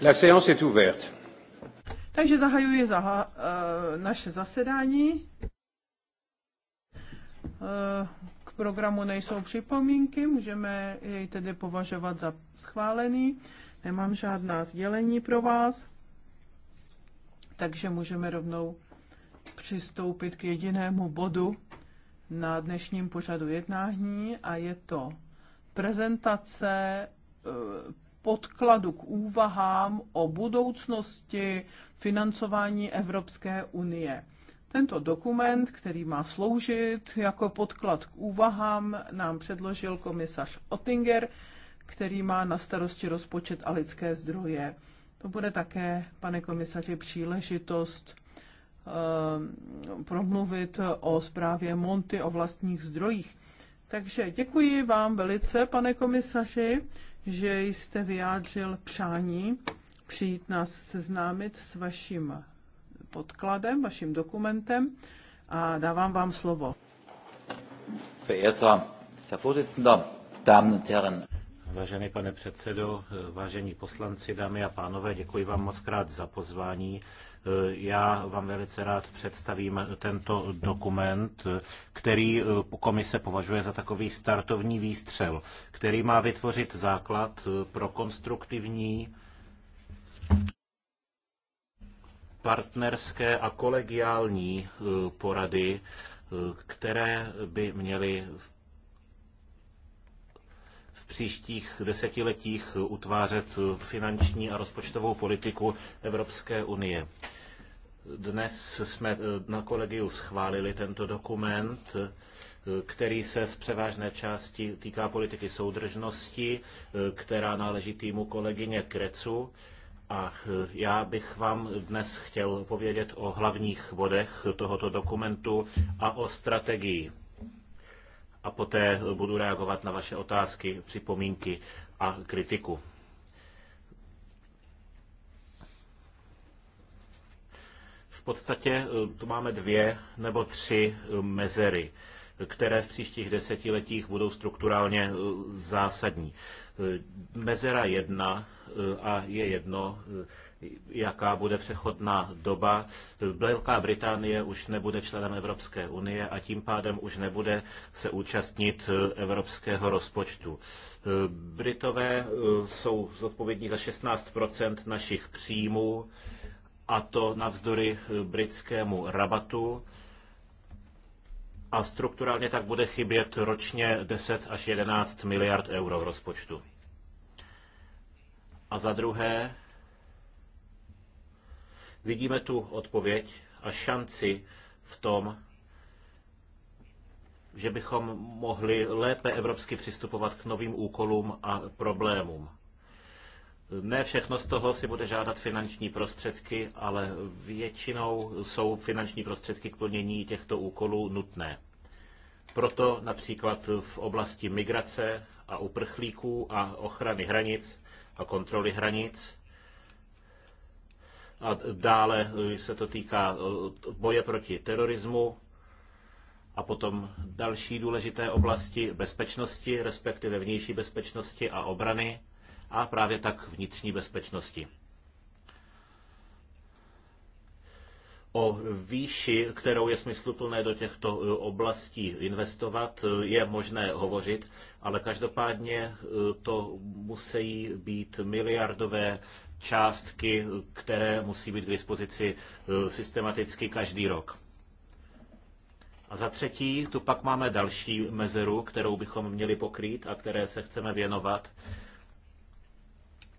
La séance est ouverte. Takže zahajuji za, uh, naše zasedání. Uh, k programu nejsou připomínky, můžeme jej tedy považovat za schválený. Nemám žádná sdělení pro vás, takže můžeme rovnou přistoupit k jedinému bodu na dnešním pořadu jednání a je to prezentace eh, podkladu k úvahám o budoucnosti financování Evropské unie. Tento dokument, který má sloužit jako podklad k úvahám, nám předložil komisař Ottinger, který má na starosti rozpočet a lidské zdroje. To bude také, pane komisaři, příležitost eh, promluvit o zprávě Monty o vlastních zdrojích. Takže děkuji vám velice, pane komisaři že jste vyjádřil přání přijít nás seznámit s vaším podkladem, vaším dokumentem a dávám vám slovo. Verehrter Herr Vorsitzender, Damen und Herren. Vážený pane předsedo, vážení poslanci, dámy a pánové, děkuji vám moc krát za pozvání. Já vám velice rád představím tento dokument, který komise považuje za takový startovní výstřel, který má vytvořit základ pro konstruktivní partnerské a kolegiální porady, které by měly v příštích desetiletích utvářet finanční a rozpočtovou politiku Evropské unie. Dnes jsme eh, na kolegiu schválili tento dokument, eh, který se z převážné části týká politiky soudržnosti, eh, která náleží týmu kolegyně Krecu. A já bych vám dnes chtěl povědět o hlavních bodech tohoto dokumentu a o strategii a poté budu reagovat na vaše otázky, připomínky a kritiku. V podstatě eh, tu máme dvě nebo tři eh, mezery, které v příštích desetiletích budou strukturálně eh, zásadní. Mezera jedna a je jedno, jaká bude přechodná doba. Velká Británie už nebude členem Evropské unie a tím pádem už nebude se účastnit eh, evropského rozpočtu. Eh, Britové eh, jsou zodpovědní za 16 našich příjmů a to navzdory britskému rabatu a strukturálně tak bude chybět ročně 10 až 11 miliard euro v rozpočtu. A za druhé, Vidíme tu odpověď a šanci v tom, že bychom mohli lépe evropsky přistupovat k novým úkolům a problémům. Ne všechno z toho si bude žádat finanční prostředky, ale většinou jsou finanční prostředky k plnění těchto úkolů nutné. Proto například v oblasti migrace a uprchlíků a ochrany hranic a kontroly hranic a dále eh, se to týká eh, boje proti terorismu a potom další důležité oblasti bezpečnosti, respektive vnější bezpečnosti a obrany a právě tak vnitřní bezpečnosti. O výši, kterou je smysluplné do těchto eh, oblastí investovat, je možné hovořit, ale každopádně to musí být miliardové částky, které musí být k dispozici eh, systematicky každý rok. A za třetí, tu pak máme další mezeru, kterou bychom měli pokrýt a které se chceme věnovat.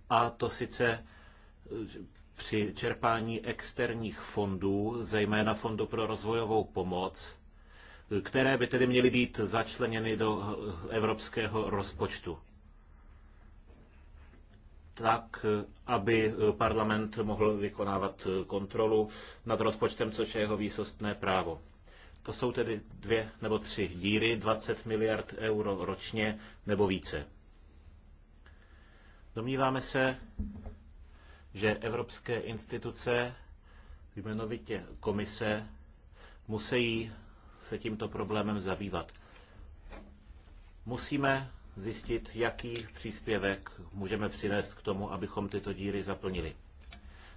A to sice eh, při čerpání externích fondů, zejména Fondu pro rozvojovou pomoc, eh, které by tedy měly být začleněny do evropského rozpočtu tak, aby parlament mohl vykonávat kontrolu nad rozpočtem, což je jeho výsostné právo. To jsou tedy dvě nebo tři díry, 20 miliard euro ročně nebo více. Domníváme se, že evropské instituce, jmenovitě komise, musí se tímto problémem zabývat. Musíme zjistit, jaký příspěvek můžeme přinést k tomu, abychom tyto díry zaplnili.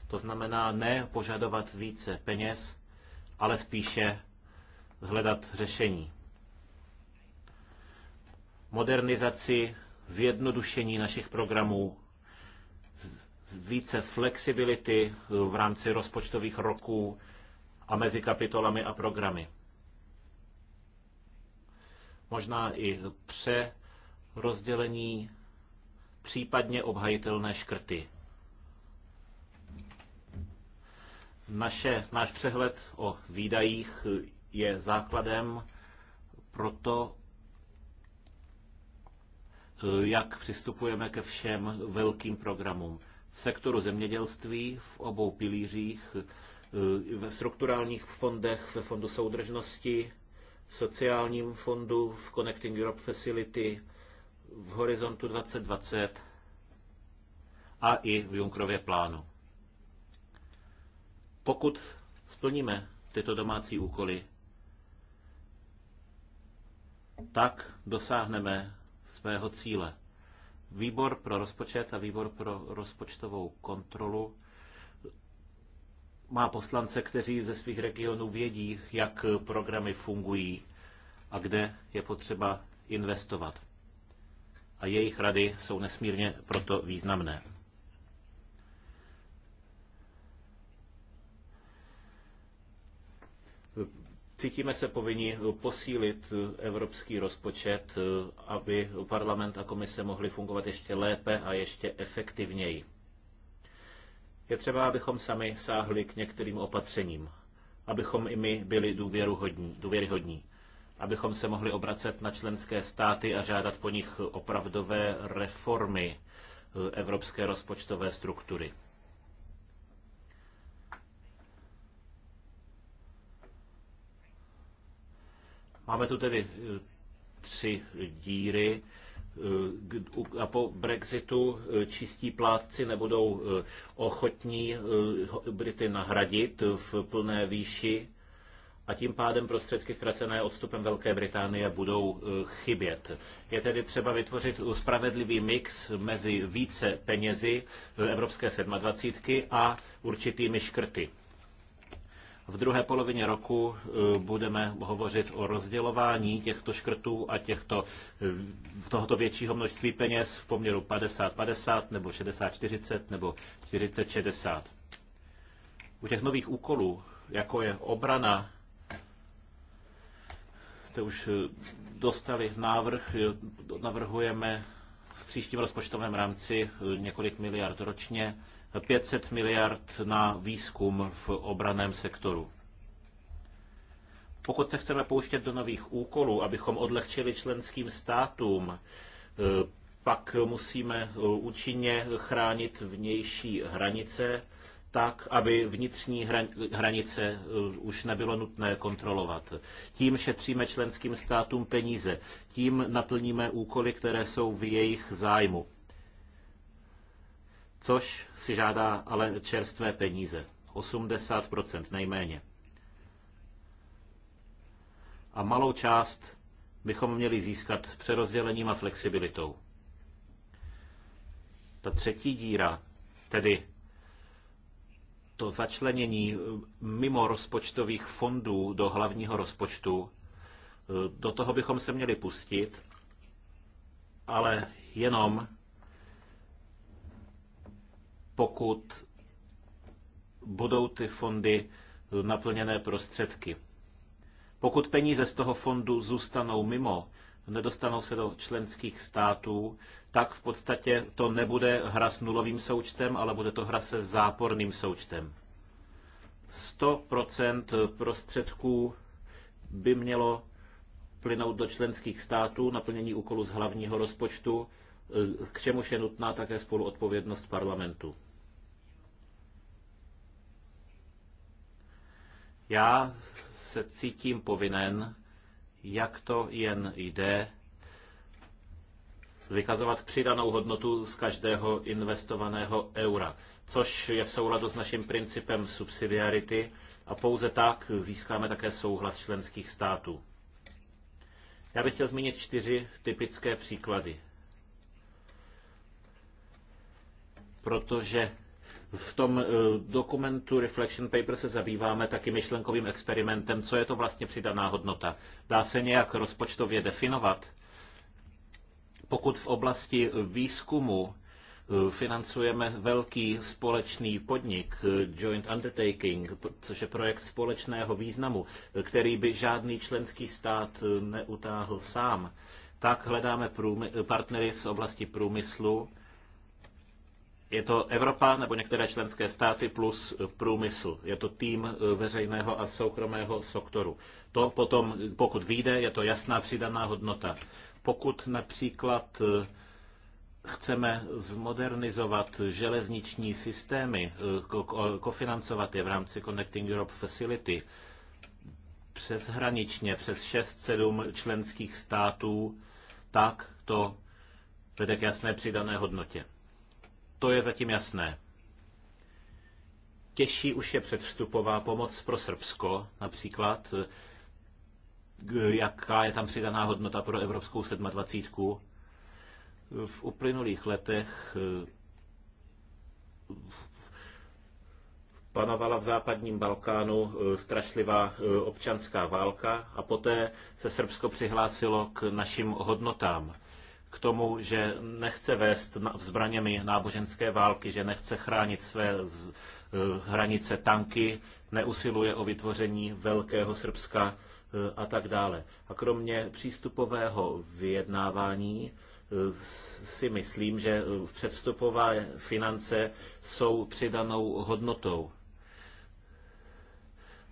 To znamená ne požadovat více peněz, ale spíše hledat řešení. Modernizaci, zjednodušení našich programů, více flexibility v rámci rozpočtových roků a mezi kapitolami a programy. Možná i pře rozdělení, případně obhajitelné škrty. Naše, náš přehled o výdajích je základem pro to, jak přistupujeme ke všem velkým programům. V sektoru zemědělství, v obou pilířích, ve strukturálních fondech, ve fondu soudržnosti, v sociálním fondu, v Connecting Europe Facility, v Horizontu 2020 a i v Junkrově plánu. Pokud splníme tyto domácí úkoly, tak dosáhneme svého cíle. Výbor pro rozpočet a výbor pro rozpočtovou kontrolu má poslance, kteří ze svých regionů vědí, jak programy fungují a kde je potřeba investovat a jejich rady jsou nesmírně proto významné. Cítíme se povinni posílit evropský rozpočet, aby parlament a komise mohly fungovat ještě lépe a ještě efektivněji. Je třeba, abychom sami sáhli k některým opatřením, abychom i my byli důvěruhodní, důvěryhodní abychom se mohli obracet na členské státy a žádat po nich opravdové reformy eh, evropské rozpočtové struktury. Máme tu tedy eh, tři díry eh, a po Brexitu čistí plátci nebudou ochotní Brity nahradit v plné výši a tím pádem prostředky ztracené odstupem Velké Británie budou eh, chybět. Je tedy třeba vytvořit spravedlivý mix mezi více penězi eh, Evropské 27 a určitými škrty. V druhé polovině roku eh, budeme hovořit o rozdělování těchto škrtů a těchto, tohoto většího množství peněz v poměru 50-50 nebo 60-40 nebo 40-60. U těch nových úkolů, jako je obrana, jste už eh, dostali návrh, eh, navrhujeme v příštím rozpočtovém rámci eh, několik miliard ročně, 500 miliard na výzkum v obraném sektoru. Pokud se chceme pouštět do nových úkolů, abychom odlehčili členským státům, pak musíme účinně chránit vnější hranice tak, aby vnitřní hranice eh, už nebylo nutné kontrolovat. Tím šetříme členským státům peníze, tím naplníme úkoly, které jsou v jejich zájmu. Což si žádá ale čerstvé peníze. 80% nejméně. A malou část bychom měli získat přerozdělením a flexibilitou. Ta třetí díra, tedy to začlenění eh, mimo rozpočtových fondů do hlavního rozpočtu, eh, do toho bychom se měli pustit, ale jenom pokud budou ty fondy eh, naplněné prostředky. Pokud peníze z toho fondu zůstanou mimo, nedostanou se do členských států, tak v podstatě to nebude hra s nulovým součtem, ale bude to hra se záporným součtem. 100% prostředků by mělo plynout do členských států na plnění úkolu z hlavního rozpočtu, eh, k čemuž je nutná také spoluodpovědnost parlamentu. Já se cítím povinen jak to jen jde, vykazovat přidanou hodnotu z každého investovaného eura, což je v souladu s naším principem subsidiarity a pouze tak získáme také souhlas členských států. Já bych chtěl zmínit čtyři typické příklady, protože v tom eh, dokumentu Reflection Paper se zabýváme taky myšlenkovým experimentem, co je to vlastně přidaná hodnota. Dá se nějak rozpočtově definovat? Pokud v oblasti výzkumu eh, financujeme velký společný podnik, eh, Joint Undertaking, což je projekt společného významu, který by žádný členský stát neutáhl sám, tak hledáme partnery z oblasti průmyslu, je to Evropa nebo některé členské státy plus průmysl. Je to tým eh, veřejného a soukromého sektoru. To potom, pokud vyjde, je to jasná přidaná hodnota. Pokud například eh, chceme zmodernizovat železniční systémy, eh, kofinancovat je v rámci Connecting Europe Facility přeshraničně přes 6-7 členských států, tak to vede k jasné přidané hodnotě. To je zatím jasné. Těžší už je předvstupová pomoc pro Srbsko, například, eh, jaká je tam přidaná hodnota pro Evropskou 27. V uplynulých letech eh, panovala v západním Balkánu eh, strašlivá občanská válka a poté se Srbsko přihlásilo k našim hodnotám k tomu, že nechce vést vzbraněmi náboženské války, že nechce chránit své eh, hranice tanky, neusiluje o vytvoření Velkého Srbska eh, a tak dále. A kromě přístupového vyjednávání eh, si myslím, že předvstupové finance jsou přidanou hodnotou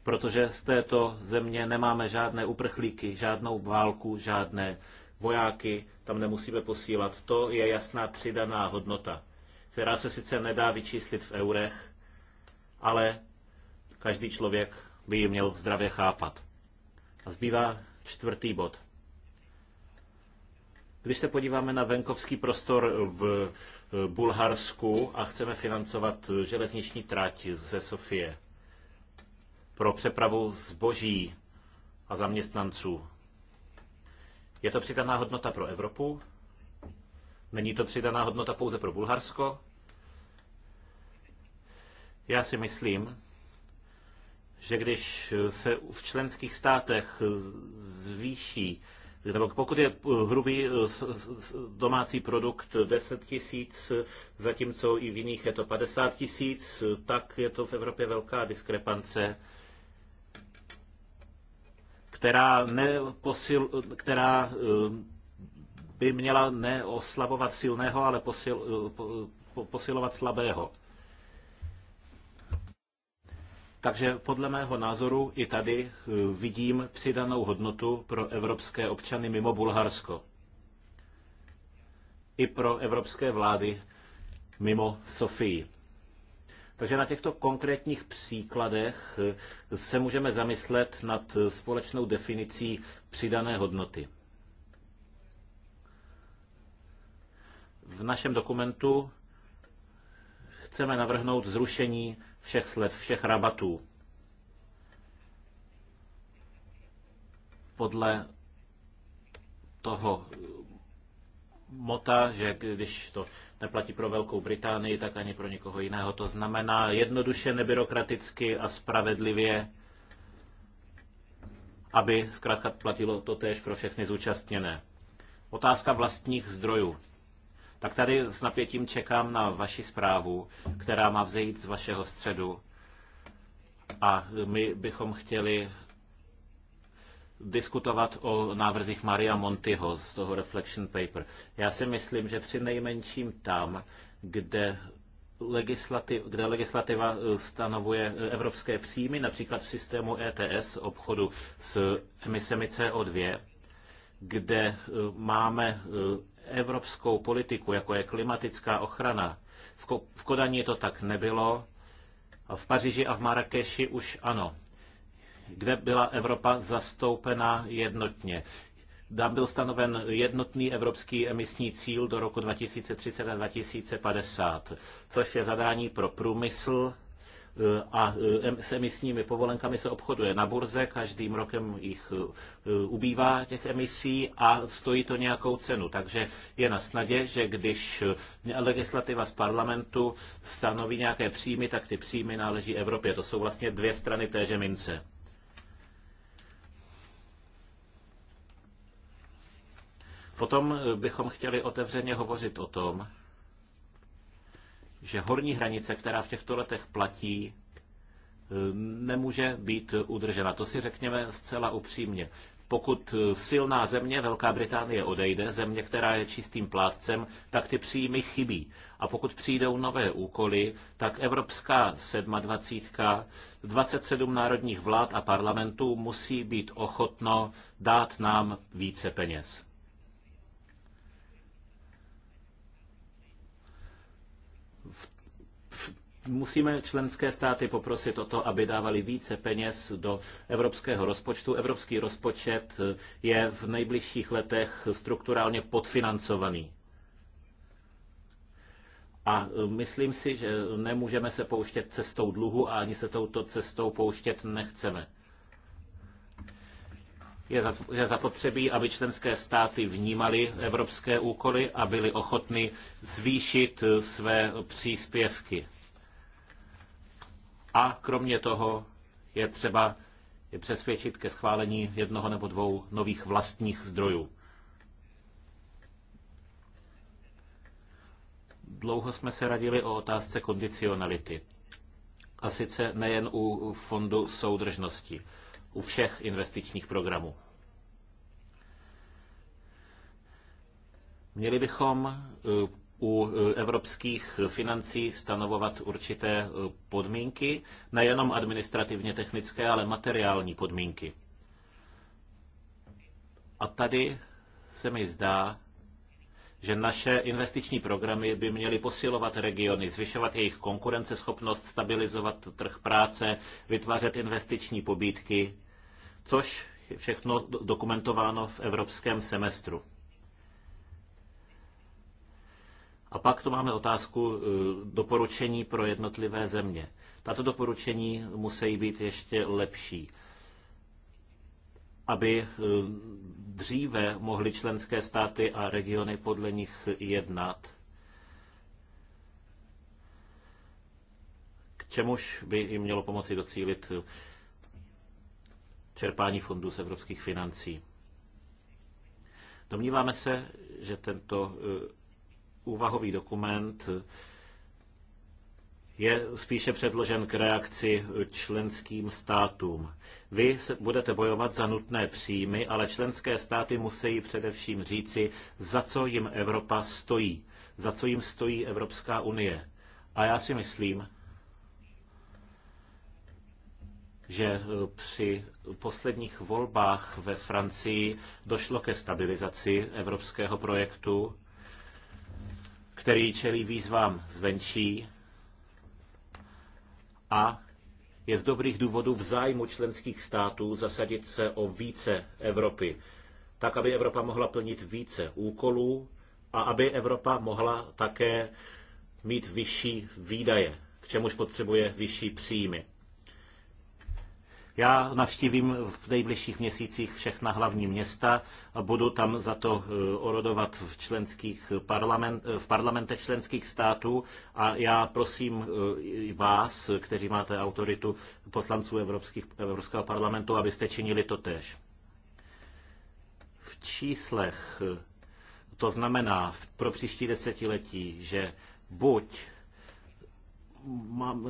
protože z této země nemáme žádné uprchlíky, žádnou válku, žádné vojáky tam nemusíme posílat. To je jasná přidaná hodnota, která se sice nedá vyčíslit v eurech, ale každý člověk by ji měl zdravě chápat. A zbývá čtvrtý bod. Když se podíváme na venkovský prostor v eh, Bulharsku a chceme financovat eh, železniční trať ze Sofie pro přepravu zboží a zaměstnanců, je to přidaná hodnota pro Evropu? Není to přidaná hodnota pouze pro Bulharsko? Já si myslím, že když se v členských státech zvýší, nebo pokud je hrubý eh, domácí produkt 10 tisíc, zatímco i v jiných je to 50 tisíc, tak je to v Evropě velká diskrepance která, neposil, která um, by měla neoslabovat silného, ale posil, uh, posilovat slabého. Takže podle mého názoru i tady uh, vidím přidanou hodnotu pro evropské občany mimo Bulharsko. I pro evropské vlády mimo Sofii. Takže na těchto konkrétních příkladech eh, se můžeme zamyslet nad eh, společnou definicí přidané hodnoty. V našem dokumentu chceme navrhnout zrušení všech slev, všech rabatů. Podle toho mota, že když to neplatí pro Velkou Británii, tak ani pro někoho jiného. To znamená jednoduše, nebyrokraticky a spravedlivě, aby zkrátka platilo to též pro všechny zúčastněné. Otázka vlastních zdrojů. Tak tady s napětím čekám na vaši zprávu, která má vzejít z vašeho středu. A my bychom chtěli diskutovat o návrzích Maria Montiho z toho Reflection Paper. Já si myslím, že při nejmenším tam, kde legislativ, kde legislativa eh, stanovuje eh, evropské příjmy, například v systému ETS obchodu s emisemi CO2, kde eh, máme evropskou politiku, jako je klimatická ochrana. V, Ko- v Kodani to tak nebylo, v Paříži a v Marrakeši už ano kde byla Evropa zastoupena jednotně. Tam byl stanoven jednotný evropský emisní cíl do roku 2030 a 2050, což je zadání pro průmysl eh, a eh, s emisními povolenkami se obchoduje na burze, každým rokem jich eh, ubývá těch emisí a stojí to nějakou cenu. Takže je na snadě, že když legislativa z parlamentu stanoví nějaké příjmy, tak ty příjmy náleží Evropě. To jsou vlastně dvě strany téže mince. Potom eh, bychom chtěli otevřeně hovořit o tom, že horní hranice, která v těchto letech platí, eh, nemůže být udržena. To si řekněme zcela upřímně. Pokud eh, silná země, Velká Británie, odejde, země, která je čistým plátcem, tak ty příjmy chybí. A pokud přijdou nové úkoly, tak Evropská 27, 27 národních vlád a parlamentů musí být ochotno dát nám více peněz. Musíme členské státy poprosit o to, aby dávali více peněz do evropského rozpočtu. Evropský rozpočet je v nejbližších letech strukturálně podfinancovaný. A e, myslím si, že nemůžeme se pouštět cestou dluhu a ani se touto cestou pouštět nechceme. Je zapotřebí, aby členské státy vnímaly evropské úkoly a byly ochotny zvýšit e, své příspěvky. A kromě toho je třeba je přesvědčit ke schválení jednoho nebo dvou nových vlastních zdrojů. Dlouho jsme se radili o otázce kondicionality. A sice nejen u fondu soudržnosti, u všech investičních programů. Měli bychom eh, u e, evropských financí stanovovat určité e, podmínky, nejenom administrativně technické, ale materiální podmínky. A tady se mi zdá, že naše investiční programy by měly posilovat regiony, zvyšovat jejich konkurenceschopnost, stabilizovat trh práce, vytvářet investiční pobídky, což je všechno dokumentováno v evropském semestru. A pak tu máme otázku eh, doporučení pro jednotlivé země. Tato doporučení musí být ještě lepší, aby eh, dříve mohly členské státy a regiony podle nich jednat, k čemuž by jim mělo pomoci docílit eh, čerpání fondů z evropských financí. Domníváme se, že tento úvahový dokument je spíše předložen k reakci členským státům. Vy budete bojovat za nutné příjmy, ale členské státy musí především říci, za co jim Evropa stojí, za co jim stojí Evropská unie. A já si myslím, že e, při posledních volbách ve Francii došlo ke stabilizaci evropského projektu který čelí výzvám zvenčí a je z dobrých důvodů v zájmu členských států zasadit se o více Evropy, tak aby Evropa mohla plnit více úkolů a aby Evropa mohla také mít vyšší výdaje, k čemuž potřebuje vyšší příjmy. Já navštívím v nejbližších měsících všechna hlavní města a budu tam za to eh, orodovat v, členských eh, parlament, eh, v parlamentech členských států a já prosím i vás, kteří máte autoritu poslanců Evropských, Evropského parlamentu, abyste činili to tež. V číslech to znamená pro příští desetiletí, že buď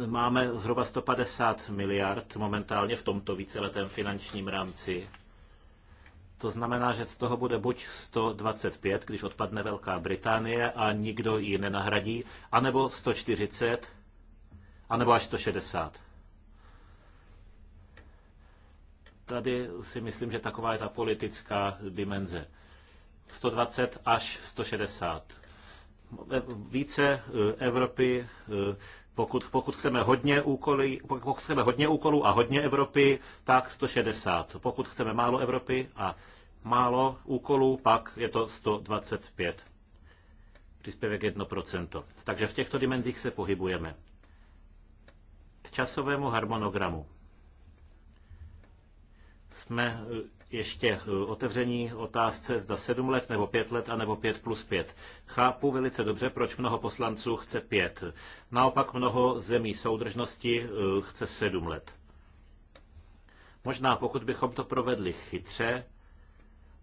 máme zhruba 150 miliard momentálně v tomto víceletém finančním rámci. To znamená, že z toho bude buď 125, když odpadne Velká Británie a nikdo ji nenahradí, anebo 140, anebo až 160. Tady si myslím, že taková je ta politická dimenze. 120 až 160. Více eh, Evropy eh, pokud, pokud, chceme hodně úkoly, pokud chceme hodně úkolů a hodně Evropy, tak 160. Pokud chceme málo Evropy a málo úkolů, pak je to 125. Příspěvek 1%. Takže v těchto dimenzích se pohybujeme. K časovému harmonogramu. Jsme ještě eh, otevření otázce, zda 7 let nebo 5 let a nebo 5 plus 5. Chápu velice dobře, proč mnoho poslanců chce 5. Naopak mnoho zemí soudržnosti eh, chce 7 let. Možná pokud bychom to provedli chytře,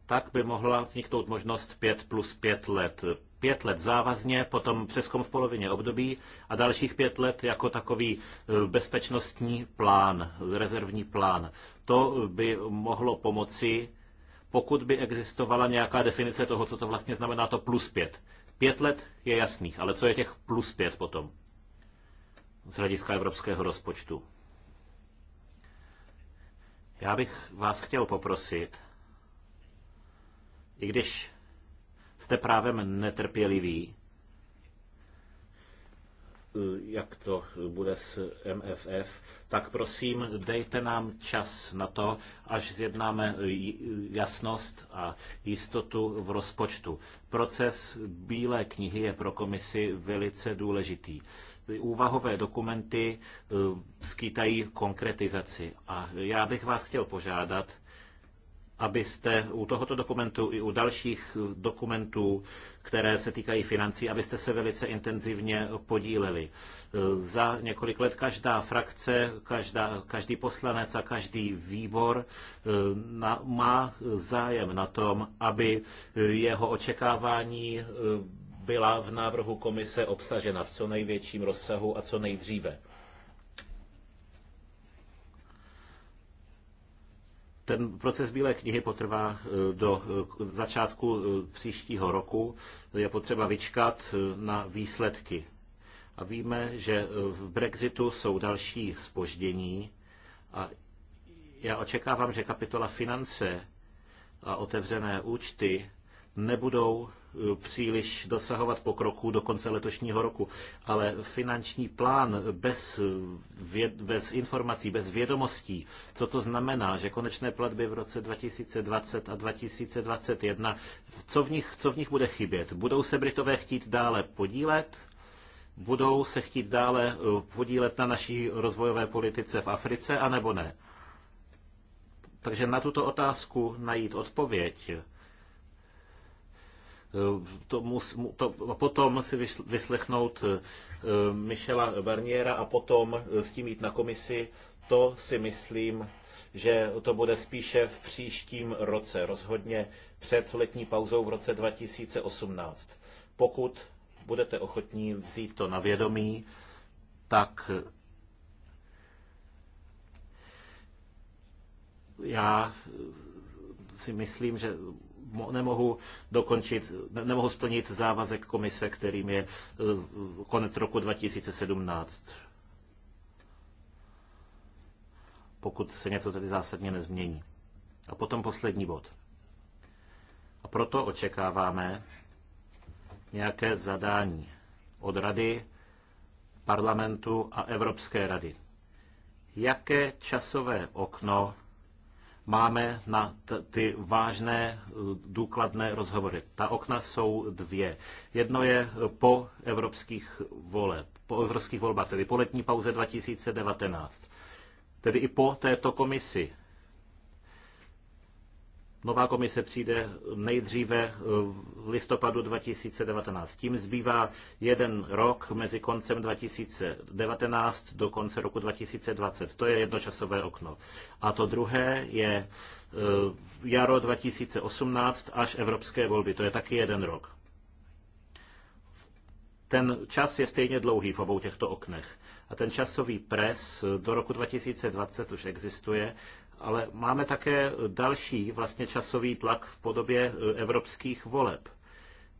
tak by mohla vzniknout možnost 5 plus 5 let pět let závazně, potom přeskom v polovině období a dalších pět let jako takový eh, bezpečnostní plán, rezervní plán. To by mohlo pomoci, pokud by existovala nějaká definice toho, co to vlastně znamená to plus pět. Pět let je jasných, ale co je těch plus pět potom z hlediska evropského rozpočtu? Já bych vás chtěl poprosit, i když Jste právem netrpěliví, jak to bude s MFF, tak prosím dejte nám čas na to, až zjednáme jasnost a jistotu v rozpočtu. Proces Bílé knihy je pro komisi velice důležitý. Úvahové dokumenty eh, skýtají konkretizaci a já bych vás chtěl požádat, abyste u tohoto dokumentu i u dalších dokumentů, které se týkají financí, abyste se velice intenzivně podíleli. Za několik let každá frakce, každá, každý poslanec a každý výbor eh, na, má zájem na tom, aby jeho očekávání eh, byla v návrhu komise obsažena v co největším rozsahu a co nejdříve. Ten proces Bílé knihy potrvá e, do e, začátku e, příštího roku. Je potřeba vyčkat na výsledky. A víme, že v Brexitu jsou další spoždění a já očekávám, že kapitola finance a otevřené účty nebudou příliš dosahovat pokroku do konce letošního roku. Ale finanční plán bez, věd, bez informací, bez vědomostí, co to znamená, že konečné platby v roce 2020 a 2021, co v nich, co v nich bude chybět? Budou se Britové chtít dále podílet? Budou se chtít dále eh, podílet na naší rozvojové politice v Africe, anebo ne? Takže na tuto otázku najít odpověď to mus, to, a potom si vyslechnout eh, Michela Barniera a potom eh, s tím jít na komisi, to si myslím, že to bude spíše v příštím roce, rozhodně před letní pauzou v roce 2018. Pokud budete ochotní vzít to na vědomí, tak eh, já si myslím, že nemohu dokončit, nemohu splnit závazek komise, kterým je eh, konec roku 2017. Pokud se něco tedy zásadně nezmění. A potom poslední bod. A proto očekáváme nějaké zadání od Rady, parlamentu a Evropské rady. Jaké časové okno máme na ty vážné, eh, důkladné rozhovory. Ta okna jsou dvě. Jedno je po evropských voleb, po evropských volbách, tedy po letní pauze 2019. Tedy i po této komisi Nová komise přijde nejdříve v listopadu 2019. Tím zbývá jeden rok mezi koncem 2019 do konce roku 2020. To je jednočasové okno. A to druhé je eh, jaro 2018 až evropské volby. To je taky jeden rok. Ten čas je stejně dlouhý v obou těchto oknech. A ten časový pres do roku 2020 už existuje ale máme také další vlastně časový tlak v podobě e, evropských voleb.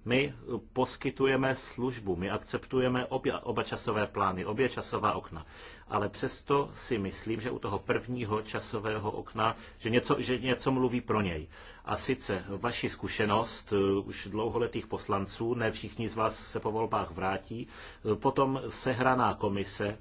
My poskytujeme službu, my akceptujeme obě, oba časové plány, obě časová okna, ale přesto si myslím, že u toho prvního časového okna, že něco, že něco mluví pro něj. A sice vaši zkušenost e, už dlouholetých poslanců, ne všichni z vás se po volbách vrátí, e, potom sehraná komise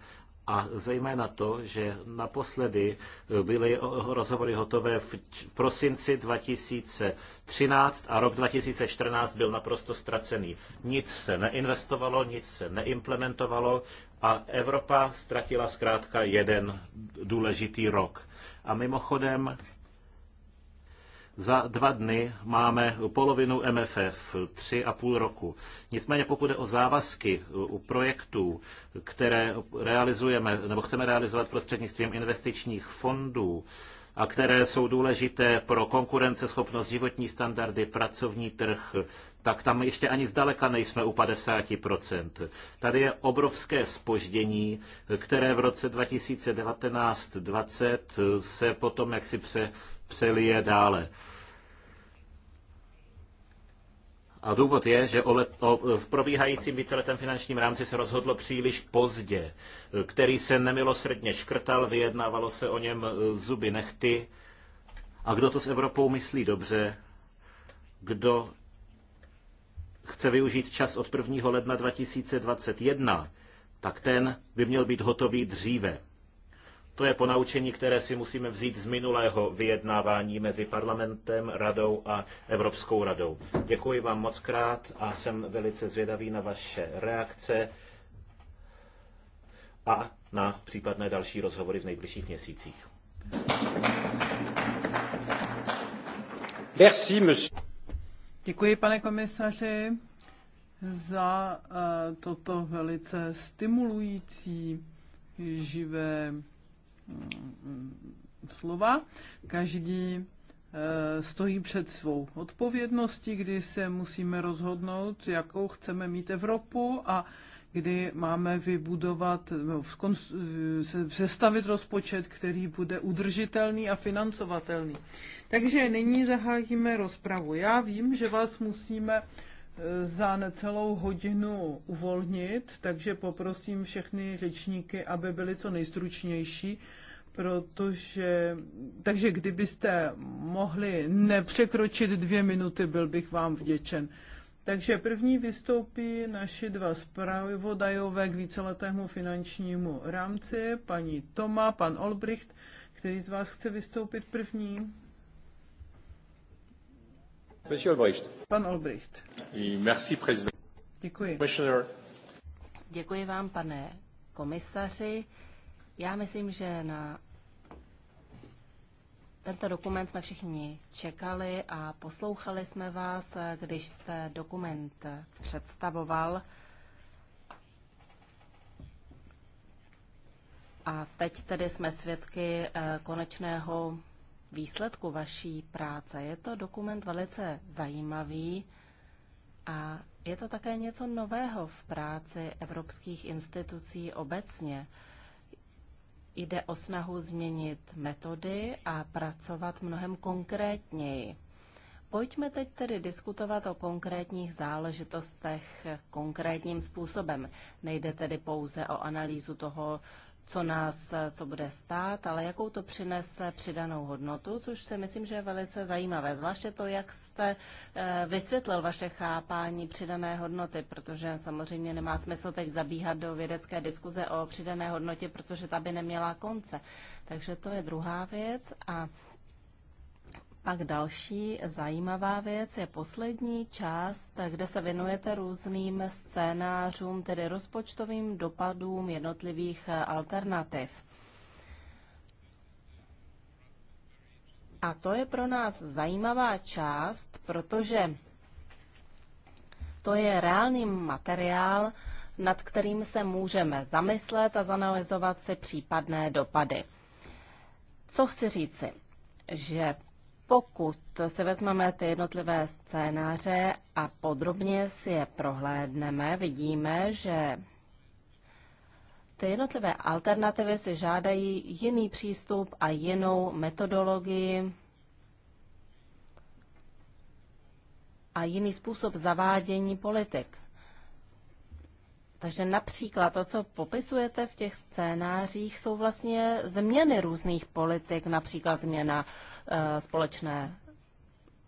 a zejména to, že naposledy byly rozhovory hotové v, prosinci 2013 a rok 2014 byl naprosto ztracený. Nic se neinvestovalo, nic se neimplementovalo a Evropa ztratila zkrátka jeden důležitý rok. A mimochodem za dva dny máme polovinu MFF, tři a půl roku. Nicméně pokud je o závazky u projektů, které realizujeme nebo chceme realizovat prostřednictvím investičních fondů, a které jsou důležité pro konkurenceschopnost, životní standardy, pracovní trh, tak tam ještě ani zdaleka nejsme u 50%. Tady je obrovské spoždění, které v roce 2019-2020 se potom jaksi pře, přelije dále. A důvod je, že o, let, o v probíhajícím víceletém finančním rámci se rozhodlo příliš pozdě, který se nemilosrdně škrtal, vyjednávalo se o něm e, zuby nechty. A kdo to s Evropou myslí dobře, kdo chce využít čas od 1. ledna 2021, tak ten by měl být hotový dříve. To je ponaučení, které si musíme vzít z minulého vyjednávání mezi parlamentem, radou a Evropskou radou. Děkuji vám moc krát a jsem velice zvědavý na vaše reakce a na případné další rozhovory v nejbližších měsících. Merci, Děkuji, pane komisaři, za eh, toto velice stimulující živé slova. Každý eh, stojí před svou odpovědností, kdy se musíme rozhodnout, jakou chceme mít Evropu a kdy máme vybudovat, sestavit rozpočet, který bude udržitelný a financovatelný. Takže nyní zahájíme rozpravu. Já vím, že vás musíme za necelou hodinu uvolnit, takže poprosím všechny řečníky, aby byli co nejstručnější, protože, takže kdybyste mohli nepřekročit dvě minuty, byl bych vám vděčen. Takže první vystoupí naši dva zpravodajové k víceletému finančnímu rámci, paní Toma, pan Olbricht. Který z vás chce vystoupit první? Monsieur Albrecht. Pan Albrecht. Merci, Děkuji. Děkuji vám, pane komisaři. Já myslím, že na tento dokument jsme všichni čekali a poslouchali jsme vás, když jste dokument představoval. A teď tedy jsme svědky eh, konečného výsledku vaší práce. Je to dokument velice zajímavý a je to také něco nového v práci evropských institucí obecně. Jde o snahu změnit metody a pracovat mnohem konkrétněji. Pojďme teď tedy diskutovat o konkrétních záležitostech konkrétním způsobem. Nejde tedy pouze o analýzu toho, co nás, co bude stát, ale jakou to přinese přidanou hodnotu, což si myslím, že je velice zajímavé. Zvláště to, jak jste eh, vysvětlil vaše chápání přidané hodnoty, protože samozřejmě nemá smysl teď zabíhat do vědecké diskuze o přidané hodnotě, protože ta by neměla konce. Takže to je druhá věc. A pak další zajímavá věc je poslední část, kde se věnujete různým scénářům, tedy rozpočtovým dopadům jednotlivých eh, alternativ. A to je pro nás zajímavá část, protože to je reálný materiál, nad kterým se můžeme zamyslet a zanalizovat si případné dopady. Co chci říci? Že pokud se vezmeme ty jednotlivé scénáře a podrobně si je prohlédneme, vidíme, že ty jednotlivé alternativy si žádají jiný přístup a jinou metodologii a jiný způsob zavádění politik. Takže například to, co popisujete v těch scénářích, jsou vlastně změny různých politik, například změna uh, Eh, společné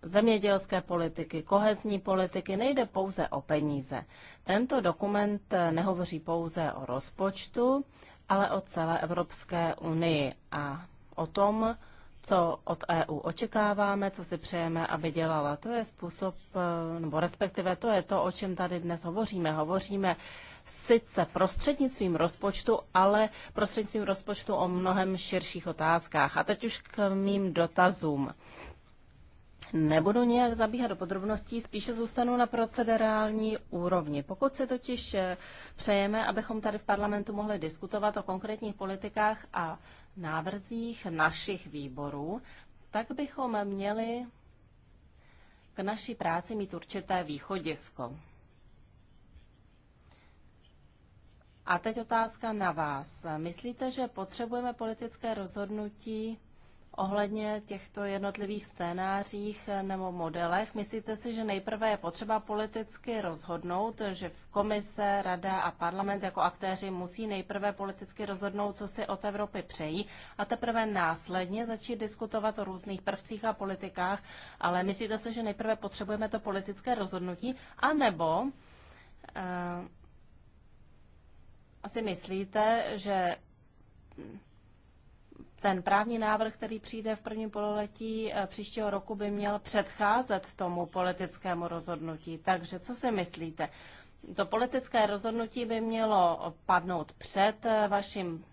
zemědělské politiky, kohezní politiky, nejde pouze o peníze. Tento dokument eh, nehovoří pouze o rozpočtu, ale o celé Evropské unii a o tom, co od EU očekáváme, co si přejeme, aby dělala. To je způsob, eh, nebo respektive to je to, o čem tady dnes hovoříme. Hovoříme sice prostřednictvím rozpočtu, ale prostřednictvím rozpočtu o mnohem širších otázkách. A teď už k mým dotazům. Nebudu nějak zabíhat do podrobností, spíše zůstanu na procedurální úrovni. Pokud se totiž eh, přejeme, abychom tady v parlamentu mohli diskutovat o konkrétních politikách a návrzích našich výborů, tak bychom měli k naší práci mít určité východisko. A teď otázka na vás. Myslíte, že potřebujeme politické rozhodnutí ohledně těchto jednotlivých scénářích nebo modelech? Myslíte si, že nejprve je potřeba politicky rozhodnout, že v komise, rada a parlament jako aktéři musí nejprve politicky rozhodnout, co si od Evropy přejí a teprve následně začít diskutovat o různých prvcích a politikách, ale myslíte si, že nejprve potřebujeme to politické rozhodnutí, anebo uh, eh, asi myslíte, že ten právní návrh, který přijde v prvním pololetí eh, příštího roku, by měl předcházet tomu politickému rozhodnutí. Takže co si myslíte? To politické rozhodnutí by mělo padnout před eh, vaším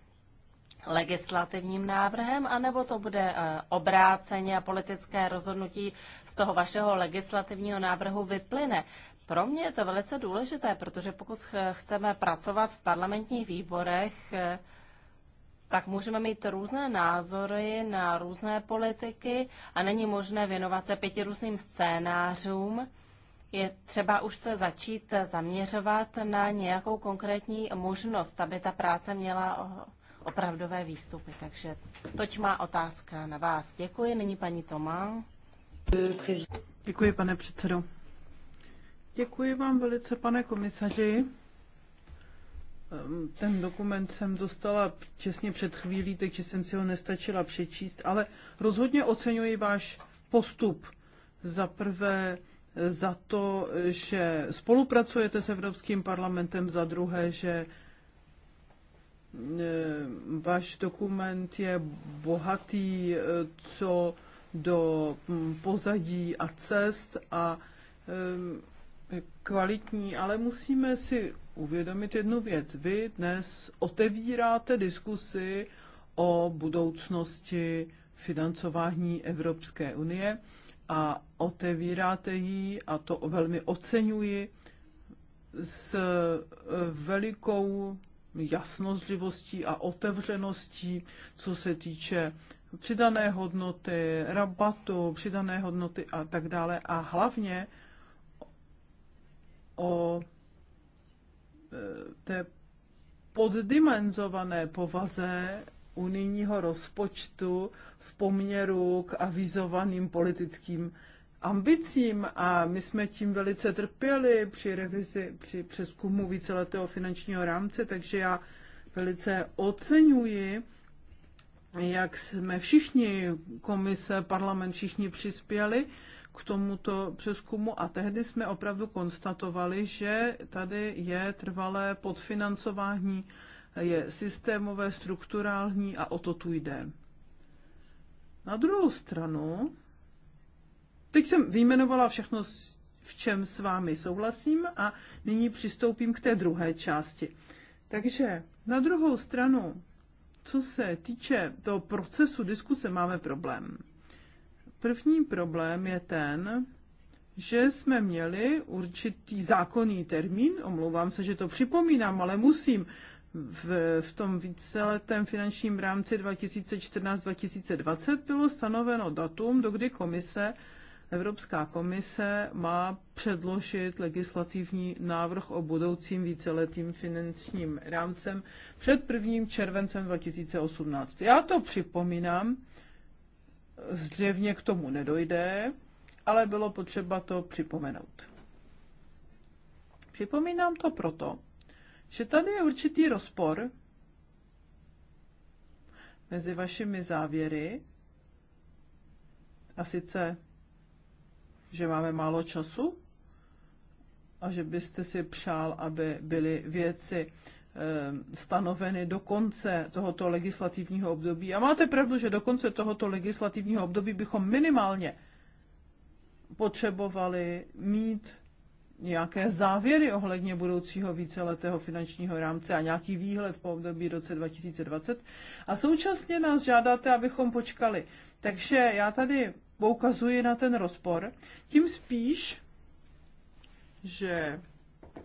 legislativním návrhem, anebo to bude eh, obráceně a politické rozhodnutí z toho vašeho legislativního návrhu vyplyne. Pro mě je to velice důležité, protože pokud chceme pracovat v parlamentních výborech, eh, tak můžeme mít různé názory na různé politiky a není možné věnovat se pěti různým scénářům. Je třeba už se začít zaměřovat na nějakou konkrétní možnost, aby ta práce měla opravdové výstupy. Takže toť má otázka na vás. Děkuji. Nyní paní Tomá. Děkuji, pane předsedo. Děkuji vám velice, pane komisaři. Ehm, ten dokument jsem dostala těsně před chvílí, takže jsem si ho nestačila přečíst, ale rozhodně oceňuji váš postup. Za prvé e, za to, že spolupracujete s Evropským parlamentem, za druhé, že e, váš dokument je bohatý e, co do pozadí a cest a kvalitní, ale musíme si uvědomit jednu věc. Vy dnes otevíráte diskusy o budoucnosti financování Evropské unie a otevíráte ji, a to velmi oceňuji, s eh, velikou jasnozlivostí a otevřeností, co se týče přidané hodnoty, rabatu, přidané hodnoty a tak dále. A hlavně o e, té poddimenzované povaze unijního rozpočtu v poměru k avizovaným politickým ambicím a my jsme tím velice trpěli při revizi, při přeskumu víceletého finančního rámce, takže já velice oceňuji, jak jsme všichni, komise, parlament, všichni přispěli k tomuto přeskumu a tehdy jsme opravdu konstatovali, že tady je trvalé podfinancování, je systémové, strukturální a o to tu jde. Na druhou stranu, teď jsem vyjmenovala všechno, v čem s vámi souhlasím a nyní přistoupím k té druhé části. Takže na druhou stranu, co se týče toho procesu diskuse, máme problém. První problém je ten, že jsme měli určitý zákonný termín, omlouvám se, že to připomínám, ale musím, v, v tom víceletém finančním rámci 2014-2020 bylo stanoveno datum, do kdy komise, Evropská komise má předložit legislativní návrh o budoucím víceletým finančním rámcem před 1. červencem 2018. Já to připomínám, zřejmě k tomu nedojde, ale bylo potřeba to připomenout. Připomínám to proto, že tady je určitý rozpor mezi vašimi závěry, a sice, že máme málo času a že byste si přál, aby byly věci Eh, stanoveny do konce tohoto legislativního období. A máte pravdu, že do konce tohoto legislativního období bychom minimálně potřebovali mít nějaké závěry ohledně budoucího víceletého finančního rámce a nějaký výhled po období roce 2020. A současně nás žádáte, abychom počkali. Takže já tady poukazuji na ten rozpor. Tím spíš, že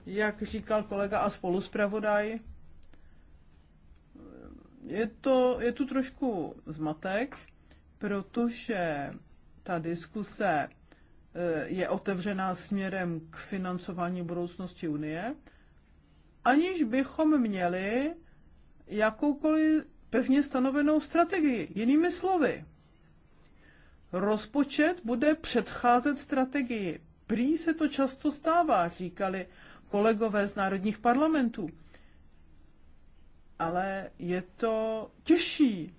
jak říkal kolega a spoluspravodaj, je, to, je tu trošku zmatek, protože ta diskuse eh, je otevřená směrem k financování budoucnosti Unie, aniž bychom měli jakoukoliv pevně stanovenou strategii. Jinými slovy, rozpočet bude předcházet strategii. Prý se to často stává, říkali kolegové z národních parlamentů. Ale je to těžší,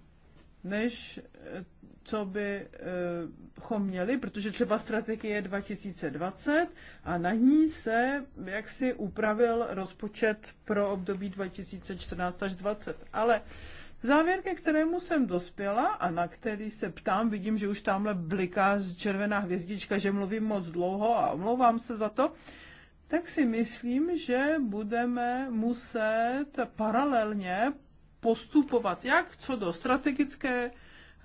než eh, co bychom eh, měli, protože třeba strategie 2020 a na ní se jak si upravil rozpočet pro období 2014 až 2020. Ale závěr, ke kterému jsem dospěla a na který se ptám, vidím, že už tamhle bliká z červená hvězdička, že mluvím moc dlouho a omlouvám se za to, tak si myslím, že budeme muset paralelně postupovat jak co do strategické,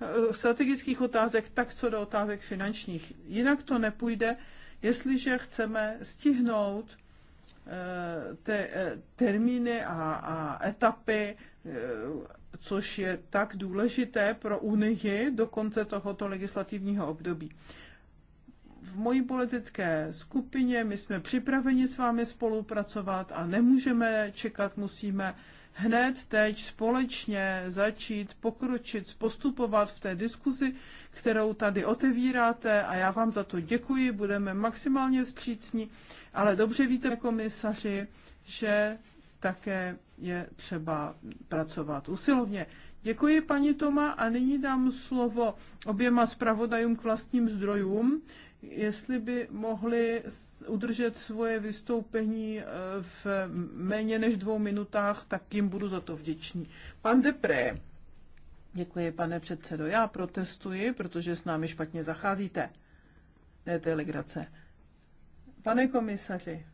eh, strategických otázek, tak co do otázek finančních. Jinak to nepůjde, jestliže chceme stihnout eh, te, eh, termíny a, a etapy, což je tak důležité pro Unii do konce tohoto legislativního období v mojí politické skupině, my jsme připraveni s vámi spolupracovat a nemůžeme čekat, musíme hned teď společně začít pokročit, postupovat v té diskuzi, kterou tady otevíráte a já vám za to děkuji, budeme maximálně vstřícní, ale dobře víte, komisaři, že také je třeba pracovat usilovně. Děkuji paní Toma a nyní dám slovo oběma zpravodajům k vlastním zdrojům jestli by mohli udržet svoje vystoupení eh, v méně než dvou minutách, tak jim budu za to vděčný. Pan Depré. Děkuji, pane předsedo. Já protestuji, protože s námi špatně zacházíte. Ne, to je legrace. Pane komisaři,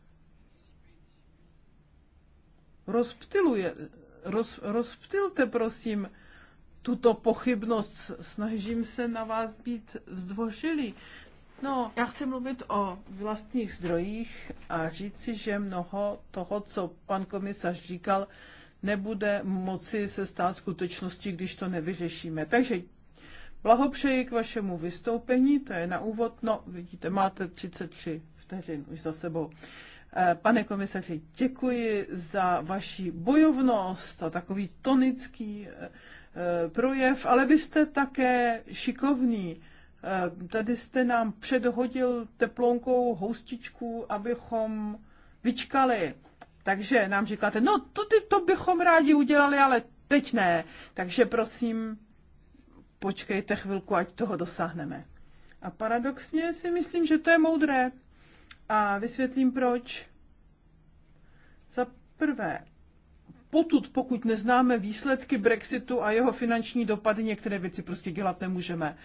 rozptiluje, roz, rozptilte prosím tuto pochybnost. Snažím se na vás být zdvořilý. No, já chci mluvit o vlastních zdrojích a říci, že mnoho toho, co pan komisař říkal, nebude moci se stát skutečností, když to nevyřešíme. Takže blahopřeji k vašemu vystoupení, to je na úvod. No, vidíte, máte 33 vteřin už za sebou. Eh, pane komisaři, děkuji za vaši bojovnost a takový tonický eh, eh, projev, ale vy jste také šikovný Eh, tady jste nám předhodil teplonkou houstičku, abychom vyčkali. Takže nám říkáte, no to, ty, to bychom rádi udělali, ale teď ne. Takže prosím, počkejte chvilku, ať toho dosáhneme. A paradoxně si myslím, že to je moudré. A vysvětlím proč. Za prvé, potud, pokud neznáme výsledky Brexitu a jeho finanční dopady, některé věci prostě dělat nemůžeme.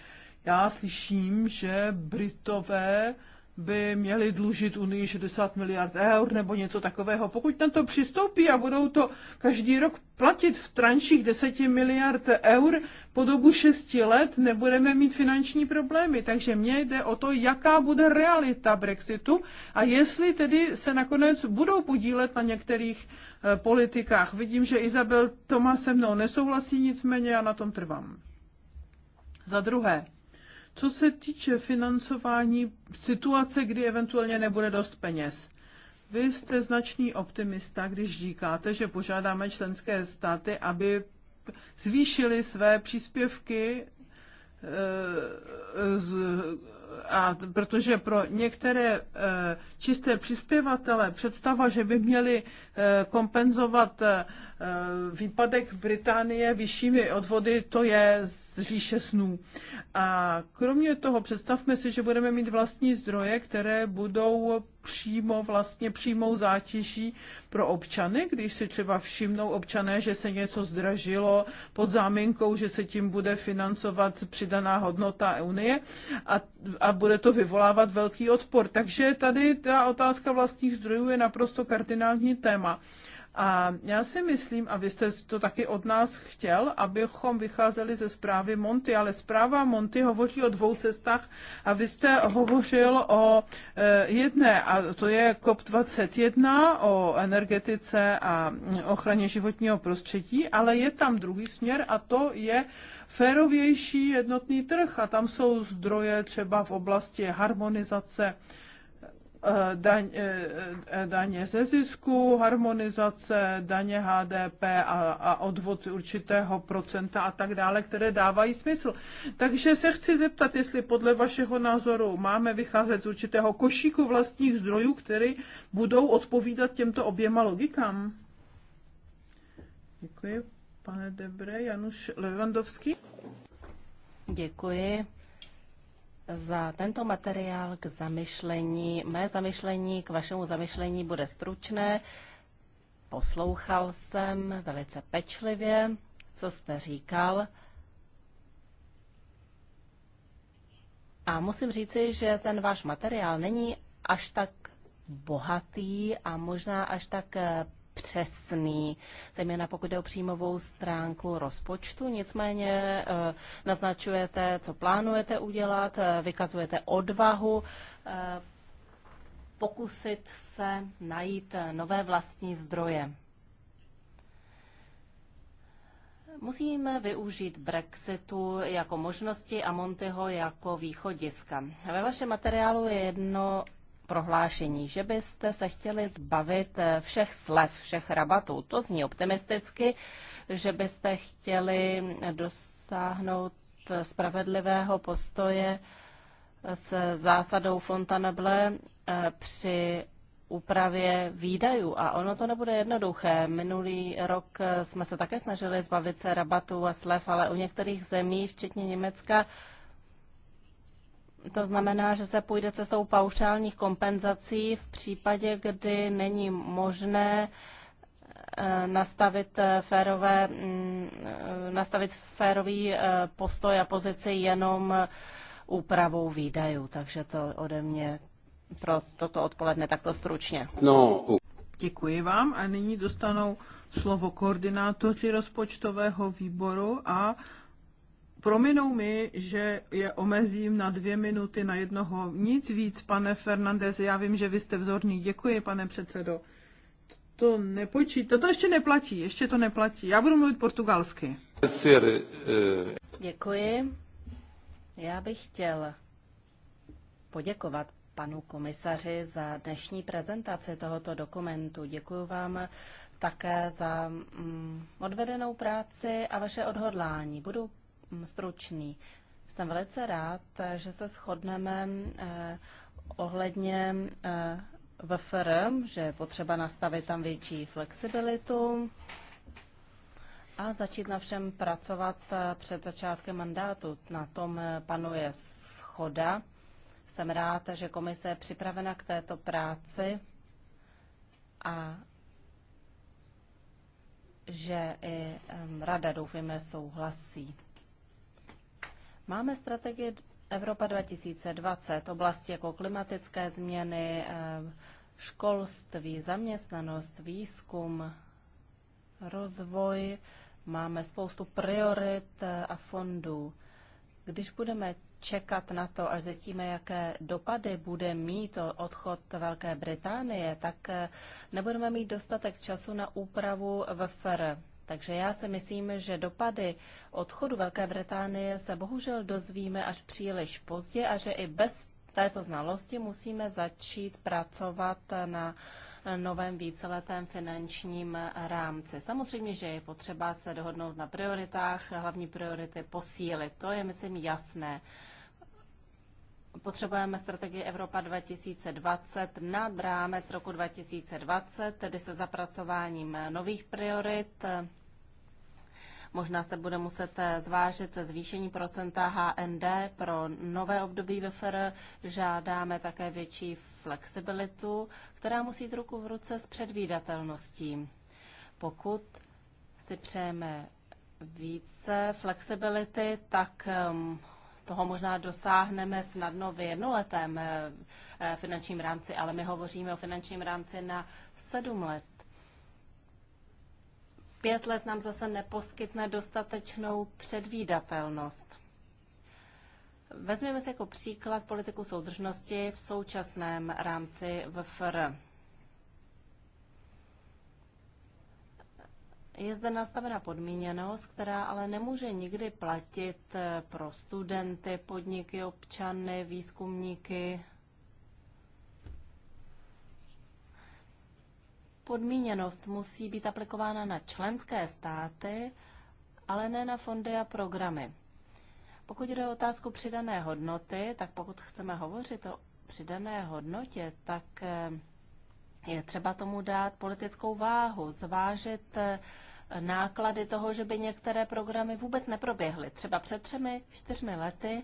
Já slyším, že Britové by měli dlužit Unii 60 miliard eur nebo něco takového. Pokud na to přistoupí a budou to každý rok platit v tranších 10 miliard eur po dobu 6 let, nebudeme mít finanční problémy. Takže mně jde o to, jaká bude realita Brexitu a jestli tedy se nakonec budou podílet na některých eh, politikách. Vidím, že Izabel Toma se mnou nesouhlasí, nicméně já na tom trvám. Za druhé, co se týče financování situace, kdy eventuálně nebude dost peněz, vy jste značný optimista, když říkáte, že požádáme členské státy, aby zvýšili své příspěvky e, a protože pro některé e, čisté přispěvatele představa, že by měli Eh, kompenzovat eh, výpadek Británie vyššími odvody, to je z říše snů. A kromě toho představme si, že budeme mít vlastní zdroje, které budou přímo vlastně přímou zátěží pro občany, když si třeba všimnou občané, že se něco zdražilo pod záminkou, že se tím bude financovat přidaná hodnota Unie a, a bude to vyvolávat velký odpor. Takže tady ta otázka vlastních zdrojů je naprosto kardinální téma téma. A já si myslím, a vy jste to taky od nás chtěl, abychom vycházeli ze zprávy Monty, ale zpráva Monty hovoří o dvou cestách a vy jste hovořil o e, jedné, a to je COP21 o energetice a ochraně životního prostředí, ale je tam druhý směr a to je férovější jednotný trh a tam jsou zdroje třeba v oblasti harmonizace Eh, daň, eh, eh, daně ze zisku, harmonizace, daně HDP a, a odvod určitého procenta a tak dále, které dávají smysl. Takže se chci zeptat, jestli podle vašeho názoru máme vycházet z určitého košíku vlastních zdrojů, které budou odpovídat těmto oběma logikám. Děkuji, pane Debre. Januš Levandovský. Děkuji za tento materiál k zamyšlení. Mé zamyšlení k vašemu zamyšlení bude stručné. Poslouchal jsem velice pečlivě, co jste říkal. A musím říci, že ten váš materiál není až tak bohatý a možná až tak přesný, zejména pokud jde o příjmovou stránku rozpočtu. Nicméně eh, naznačujete, co plánujete udělat, eh, vykazujete odvahu eh, pokusit se najít nové vlastní zdroje. Musíme využít Brexitu jako možnosti a Montyho jako východiska. Ve vašem materiálu je jedno prohlášení, že byste se chtěli zbavit eh, všech slev, všech rabatů. To zní optimisticky, že byste chtěli dosáhnout spravedlivého postoje s zásadou Fontainebleau eh, při úpravě výdajů. A ono to nebude jednoduché. Minulý rok eh, jsme se také snažili zbavit se rabatů a slev, ale u některých zemí, včetně Německa, to znamená, že se půjde cestou paušálních kompenzací v případě, kdy není možné eh, nastavit, eh, férové, mm, eh, nastavit férový postoj a pozici jenom úpravou výdajů. Takže to ode mě pro toto odpoledne takto stručně. No. Děkuji vám a nyní dostanou slovo koordinátoři rozpočtového výboru a Prominou mi, že je omezím na dvě minuty na jednoho. Nic víc, pane Fernandez, já vím, že vy jste vzorný. Děkuji, pane předsedo. To nepočítá, to ještě neplatí, ještě to neplatí. Já budu mluvit portugalsky. Děkuji. Já bych chtěl poděkovat panu komisaři za dnešní prezentaci tohoto dokumentu. Děkuji vám také za mm, odvedenou práci a vaše odhodlání. Budu stručný. Jsem velice rád, že se shodneme eh, ohledně eh, VFR, že je potřeba nastavit tam větší flexibilitu a začít na všem pracovat eh, před začátkem mandátu. Na tom panuje schoda. Jsem rád, že komise je připravena k této práci a že i rada, doufíme, souhlasí. Máme strategii Evropa 2020, oblasti jako klimatické změny, eh, školství, zaměstnanost, výzkum, rozvoj. Máme spoustu priorit eh, a fondů. Když budeme čekat na to, až zjistíme, jaké dopady bude mít odchod Velké Británie, tak eh, nebudeme mít dostatek času na úpravu VFR. Takže já si myslím, že dopady odchodu Velké Británie se bohužel dozvíme až příliš pozdě a že i bez této znalosti musíme začít pracovat na novém víceletém finančním rámci. Samozřejmě, že je potřeba se dohodnout na prioritách, hlavní priority posílit. To je, myslím, jasné. Potřebujeme strategii Evropa 2020 nad rámec roku 2020, tedy se zapracováním nových priorit, Možná se bude muset eh, zvážit zvýšení procenta HND pro nové období VFR. Žádáme také větší flexibilitu, která musí jít ruku v ruce s předvídatelností. Pokud si přejeme více flexibility, tak ehm, toho možná dosáhneme snadno v jednoletém eh, eh, finančním rámci, ale my hovoříme o finančním rámci na sedm let pět let nám zase neposkytne dostatečnou předvídatelnost. Vezměme si jako příklad politiku soudržnosti v současném rámci VFR. Je zde nastavena podmíněnost, která ale nemůže nikdy platit pro studenty, podniky, občany, výzkumníky Podmíněnost musí být aplikována na členské státy, ale ne na fondy a programy. Pokud jde o otázku přidané hodnoty, tak pokud chceme hovořit o přidané hodnotě, tak eh, je třeba tomu dát politickou váhu, zvážit eh, náklady toho, že by některé programy vůbec neproběhly. Třeba před třemi, čtyřmi lety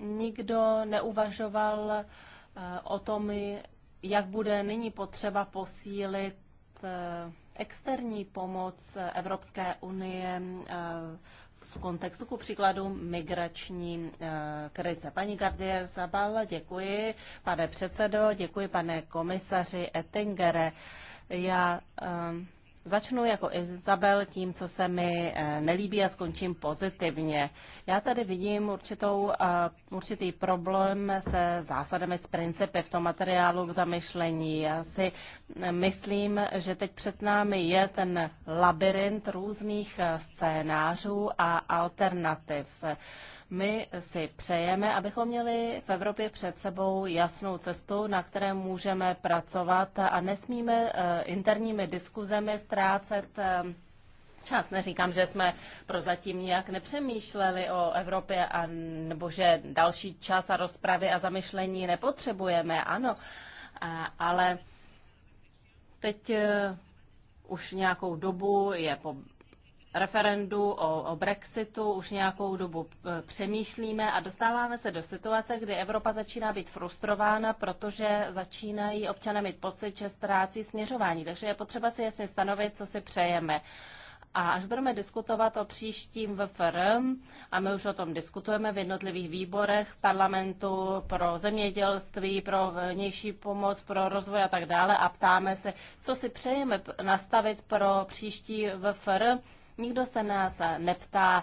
nikdo neuvažoval eh, o tom, jak bude nyní potřeba posílit eh, externí pomoc Evropské unie eh, v kontextu ku příkladu migrační eh, krize. Paní Gardier Zabal, děkuji, pane předsedo, děkuji, pane komisaři Ettingere. Já um, Začnu jako Izabel tím, co se mi eh, nelíbí a skončím pozitivně. Já tady vidím určitou, eh, určitý problém se zásadami, s principy v tom materiálu k zamyšlení. Já si eh, myslím, že teď před námi je ten labirint různých scénářů a alternativ. My si přejeme, abychom měli v Evropě před sebou jasnou cestu, na které můžeme pracovat a nesmíme eh, interními diskuzemi ztrácet eh, čas. Neříkám, že jsme prozatím nějak nepřemýšleli o Evropě a, nebo že další čas a rozpravy a zamyšlení nepotřebujeme, ano, a, ale teď eh, už nějakou dobu je po referendu o, o Brexitu už nějakou dobu e, přemýšlíme a dostáváme se do situace, kdy Evropa začíná být frustrována, protože začínají občané mít pocit, že ztrácí směřování. Takže je potřeba si jasně stanovit, co si přejeme. A až budeme diskutovat o příštím VFR, a my už o tom diskutujeme v jednotlivých výborech parlamentu pro zemědělství, pro vnější pomoc, pro rozvoj a tak dále, a ptáme se, co si přejeme nastavit pro příští VFR, Nikdo se nás neptá,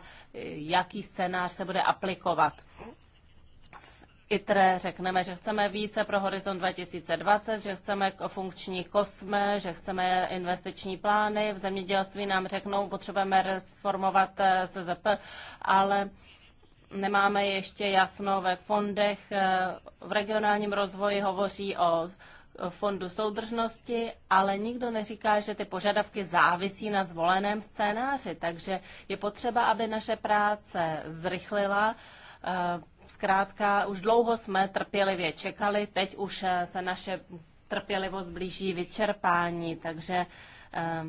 jaký scénář se bude aplikovat. ITRE řekneme, že chceme více pro Horizon 2020, že chceme funkční kosme, že chceme investiční plány. V zemědělství nám řeknou, potřebujeme reformovat eh, SZP, ale nemáme ještě jasno ve fondech. Eh, v regionálním rozvoji hovoří o fondu soudržnosti, ale nikdo neříká, že ty požadavky závisí na zvoleném scénáři, takže je potřeba, aby naše práce zrychlila. Eh, zkrátka, už dlouho jsme trpělivě čekali, teď už eh, se naše trpělivost blíží vyčerpání, takže eh,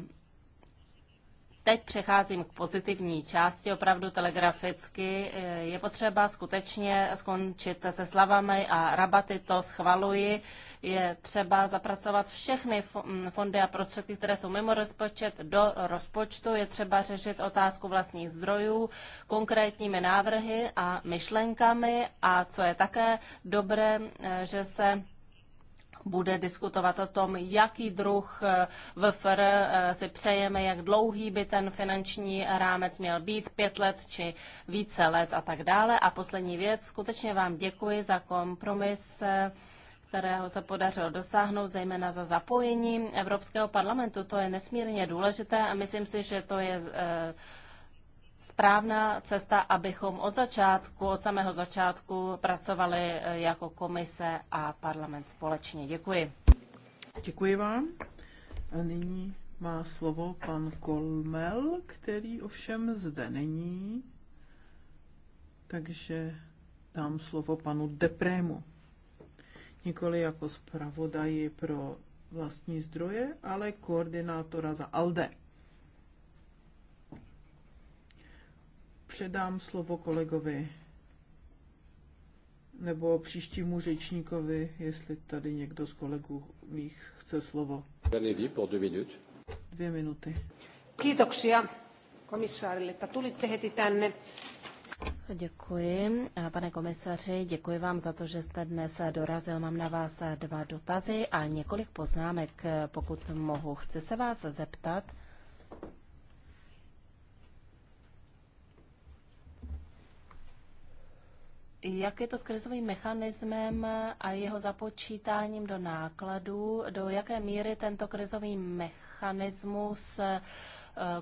Teď přecházím k pozitivní části, opravdu telegraficky. Eh, je potřeba skutečně skončit se slavami a rabaty, to schvaluji. Je třeba zapracovat všechny mm, fondy a prostředky, které jsou mimo rozpočet, do rozpočtu. Je třeba řešit otázku vlastních zdrojů konkrétními návrhy a myšlenkami. A co je také dobré, eh, že se bude diskutovat o tom, jaký druh eh, VFR eh, si přejeme, jak dlouhý by ten finanční rámec měl být, pět let či více let a tak dále. A poslední věc, skutečně vám děkuji za kompromis eh, kterého se podařilo dosáhnout, zejména za zapojení Evropského parlamentu. To je nesmírně důležité a myslím si, že to je správná cesta, abychom od začátku, od samého začátku pracovali eh, jako komise a parlament společně. Děkuji. Děkuji vám. A nyní má slovo pan Kolmel, který ovšem zde není, takže dám slovo panu Deprému. Nikoli jako zpravodaji pro vlastní zdroje, ale koordinátora za ALDE. předám slovo kolegovi nebo příštímu řečníkovi, jestli tady někdo z kolegů mých chce slovo. Dvě minuty. Kiitoksia komissaarille, että tulitte heti tänne. Děkuji, pane komisaři, děkuji vám za to, že jste dnes dorazil. Mám na vás dva dotazy a několik poznámek, pokud mohu. Chci se vás zeptat, Jak je to s krizovým mechanismem a jeho započítáním do nákladů? Do jaké míry tento krizový mechanismus, eh,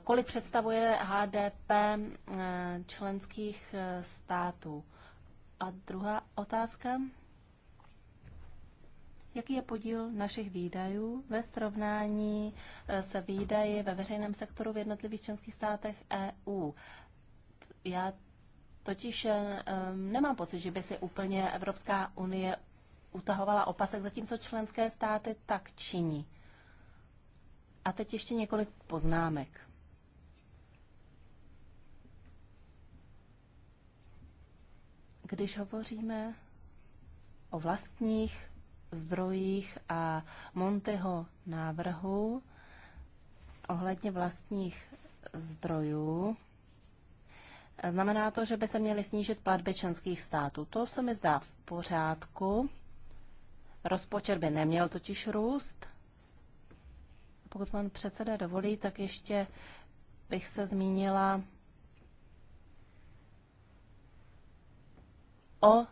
kolik představuje HDP eh, členských eh, států? A druhá otázka. Jaký je podíl našich výdajů ve srovnání se výdaji ve veřejném sektoru v jednotlivých členských státech EU? Já Totiž eh, nemám pocit, že by si úplně Evropská unie utahovala opasek, zatímco členské státy tak činí. A teď ještě několik poznámek. Když hovoříme o vlastních zdrojích a Monteho návrhu ohledně vlastních zdrojů, Znamená to, že by se měly snížit platby členských států. To se mi zdá v pořádku. Rozpočet by neměl totiž růst. Pokud pan předseda dovolí, tak ještě bych se zmínila o e,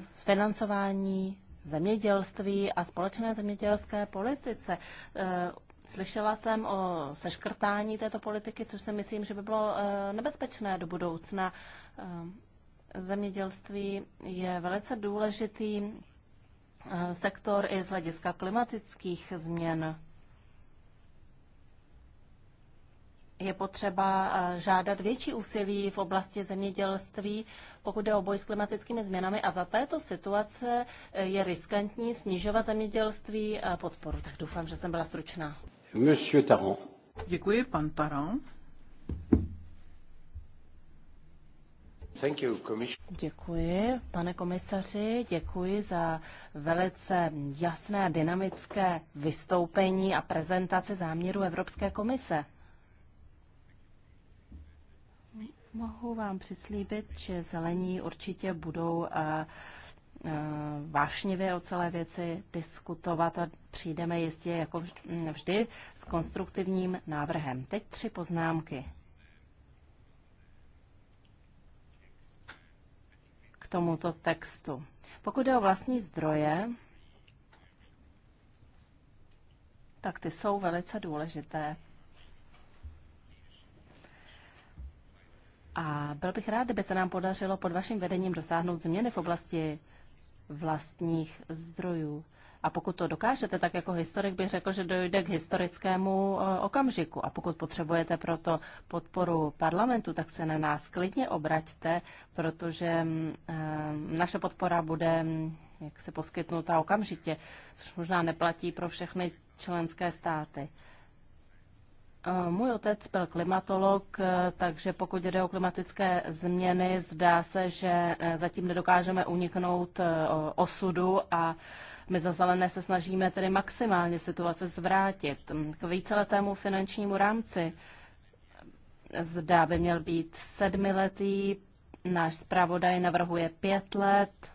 financování zemědělství a společné zemědělské politice. E, Slyšela jsem o seškrtání této politiky, což si myslím, že by bylo eh, nebezpečné do budoucna. Eh, zemědělství je velice důležitý eh, sektor i z hlediska klimatických změn. je potřeba žádat větší úsilí v oblasti zemědělství, pokud jde o boj s klimatickými změnami a za této situace je riskantní snižovat zemědělství podporu. Tak doufám, že jsem byla stručná. Monsieur Tarant. Děkuji, pan Tarant. You, děkuji, pane komisaři, děkuji za velice jasné a dynamické vystoupení a prezentaci záměru Evropské komise. Mohu vám přislíbit, že zelení určitě budou uh, Eh, vášnivě o celé věci diskutovat a přijdeme jistě jako mm, vždy s konstruktivním návrhem. Teď tři poznámky. K tomuto textu. Pokud jde o vlastní zdroje, tak ty jsou velice důležité. A byl bych rád, kdyby se nám podařilo pod vaším vedením dosáhnout změny v oblasti vlastních zdrojů. A pokud to dokážete, tak jako historik bych řekl, že dojde k historickému e, okamžiku. A pokud potřebujete proto podporu parlamentu, tak se na nás klidně obraťte, protože mm, e, naše podpora bude mm, jak se poskytnuta okamžitě, což možná neplatí pro všechny členské státy. Eh, můj otec byl klimatolog, eh, takže pokud jde o klimatické změny, zdá se, že eh, zatím nedokážeme uniknout osudu a my za zelené se snažíme tedy maximálně situace zvrátit. Mm, k víceletému finančnímu rámci zdá by měl být sedmiletý, náš zpravodaj navrhuje pět let,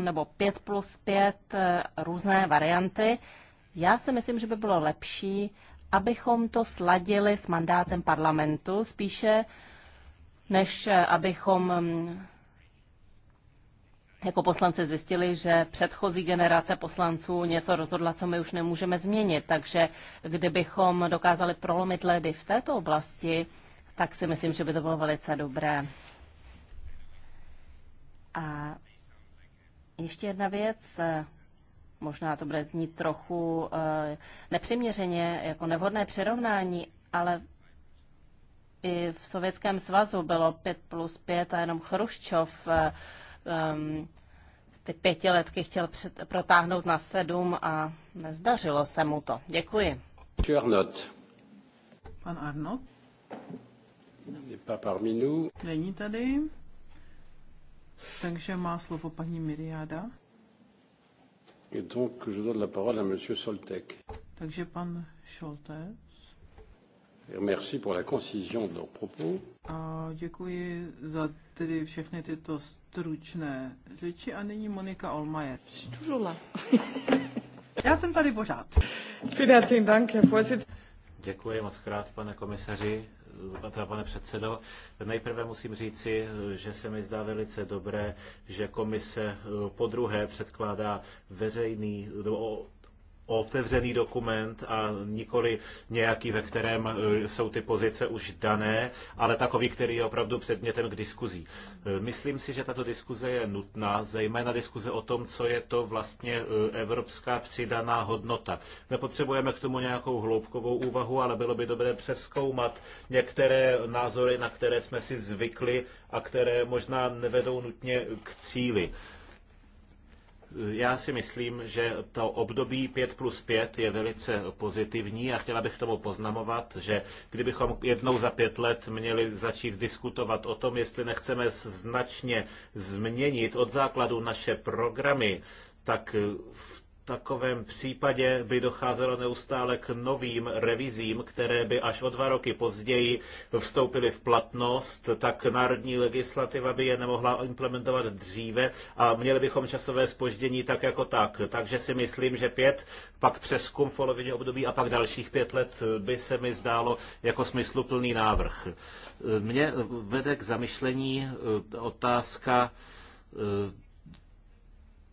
nebo pět plus pět, různé varianty. Já si myslím, že by bylo lepší abychom to sladili s mandátem parlamentu, spíše než eh, abychom mm, jako poslanci zjistili, že předchozí generace poslanců něco rozhodla, co my už nemůžeme změnit. Takže kdybychom dokázali prolomit ledy v této oblasti, tak si myslím, že by to bylo velice dobré. A ještě jedna věc, možná to bude znít trochu eh, nepřiměřeně, jako nevhodné přirovnání, ale i v Sovětském svazu bylo 5 plus 5 a jenom Chruščov um, ty pětiletky chtěl před, protáhnout na sedm a nezdařilo se mu to. Děkuji. Arnott. Pan Arnot. Není tady. Takže má slovo paní Miriáda. Et donc, je donne la parole à Monsieur Soltek. Takže pan Šoltec. Merci pour la concision de leurs propos. A děkuji za tedy všechny tyto stručné řeči a nyní Monika Olmajer. Já jsem tady pořád. Děkuji moc krát, pane komisaři pane předsedo. Nejprve musím říci, že se mi zdá velice dobré, že komise eh, po druhé předkládá veřejný, otevřený dokument a nikoli nějaký, ve kterém e, jsou ty pozice už dané, ale takový, který je opravdu předmětem k diskuzí. E, myslím si, že tato diskuze je nutná, zejména diskuze o tom, co je to vlastně e, evropská přidaná hodnota. Nepotřebujeme k tomu nějakou hloubkovou úvahu, ale bylo by dobré přeskoumat některé názory, na které jsme si zvykli a které možná nevedou nutně k cíli. Já si myslím, že to období 5 plus 5 je velice pozitivní a chtěla bych tomu poznamovat, že kdybychom jednou za pět let měli začít diskutovat o tom, jestli nechceme značně změnit od základu naše programy, tak v takovém případě by docházelo neustále k novým revizím, které by až o dva roky později vstoupily v platnost, tak národní legislativa by je nemohla implementovat dříve a měli bychom časové spoždění tak jako tak. Takže si myslím, že pět, pak přeskum v polovině období a pak dalších pět let by se mi zdálo jako smysluplný návrh. Mě vede k zamyšlení e, otázka e,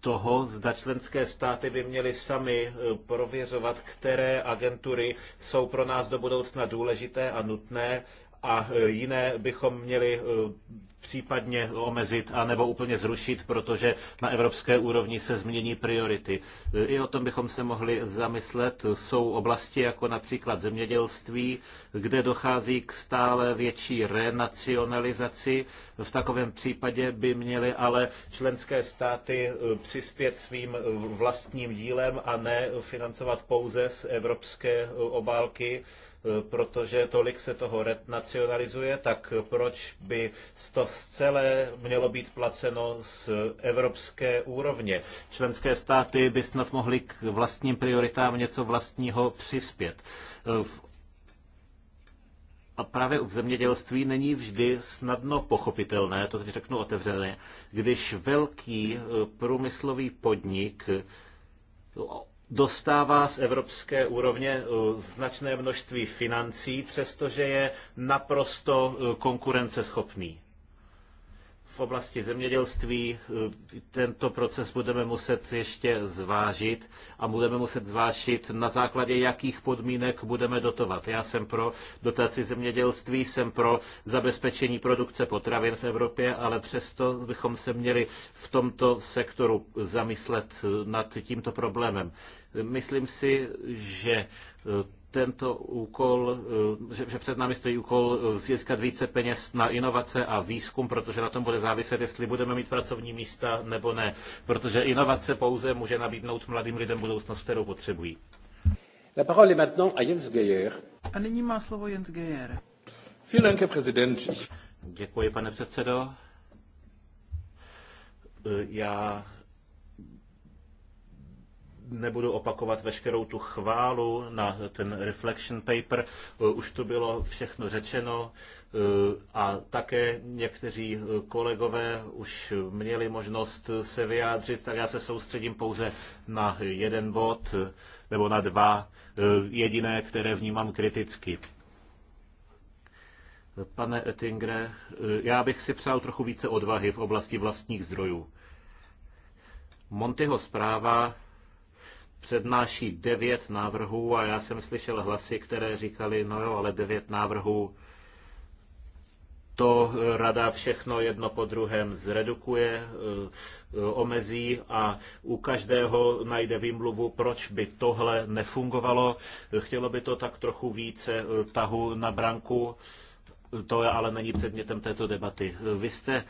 toho, zda členské státy by měly sami e, prověřovat, které agentury jsou pro nás do budoucna důležité a nutné a e, jiné bychom měli e, případně omezit a nebo úplně zrušit, protože na evropské úrovni se změní priority. E, I o tom bychom se mohli zamyslet. Jsou oblasti jako například zemědělství, kde dochází k stále větší renacionalizaci. V takovém případě by měly ale členské státy přispět svým vlastním dílem a ne financovat pouze z evropské obálky protože tolik se toho renacionalizuje, tak proč by to celé mělo být placeno z evropské úrovně? Členské státy by snad mohly k vlastním prioritám něco vlastního přispět. A právě v zemědělství není vždy snadno pochopitelné, to teď řeknu otevřeně, když velký eh, průmyslový podnik eh, dostává z evropské úrovně eh, značné množství financí, přestože je naprosto eh, konkurenceschopný v oblasti zemědělství eh, tento proces budeme muset ještě zvážit a budeme muset zvážit, na základě jakých podmínek budeme dotovat. Já jsem pro dotaci zemědělství, jsem pro zabezpečení produkce potravin v Evropě, ale přesto bychom se měli v tomto sektoru zamyslet eh, nad tímto problémem. Myslím si, že eh, tento úkol, eh, že, že před námi stojí úkol eh, získat více peněz na inovace a výzkum, protože na tom bude záviset, jestli budeme mít pracovní místa nebo ne. Protože inovace pouze může nabídnout mladým lidem budoucnost, kterou potřebují. La parole est maintenant à Jens Geier. A nyní má slovo Jens Geier. Vielen Dank, Děkuji, pane předsedo. Eh, já nebudu opakovat veškerou tu chválu na ten reflection paper. Eh, už to bylo všechno řečeno eh, a také někteří eh, kolegové už měli možnost se vyjádřit, tak já se soustředím pouze na jeden bod nebo na dva jediné, které vnímám kriticky. Pane Ettingre, já bych si přál trochu více odvahy v oblasti vlastních zdrojů. Montyho zpráva přednáší devět návrhů a já jsem slyšel hlasy, které říkali, no jo, ale devět návrhů to rada všechno jedno po druhém zredukuje, eh, omezí a u každého najde výmluvu, proč by tohle nefungovalo. Chtělo by to tak trochu více eh, tahu na branku, to ale není předmětem této debaty. Vy jste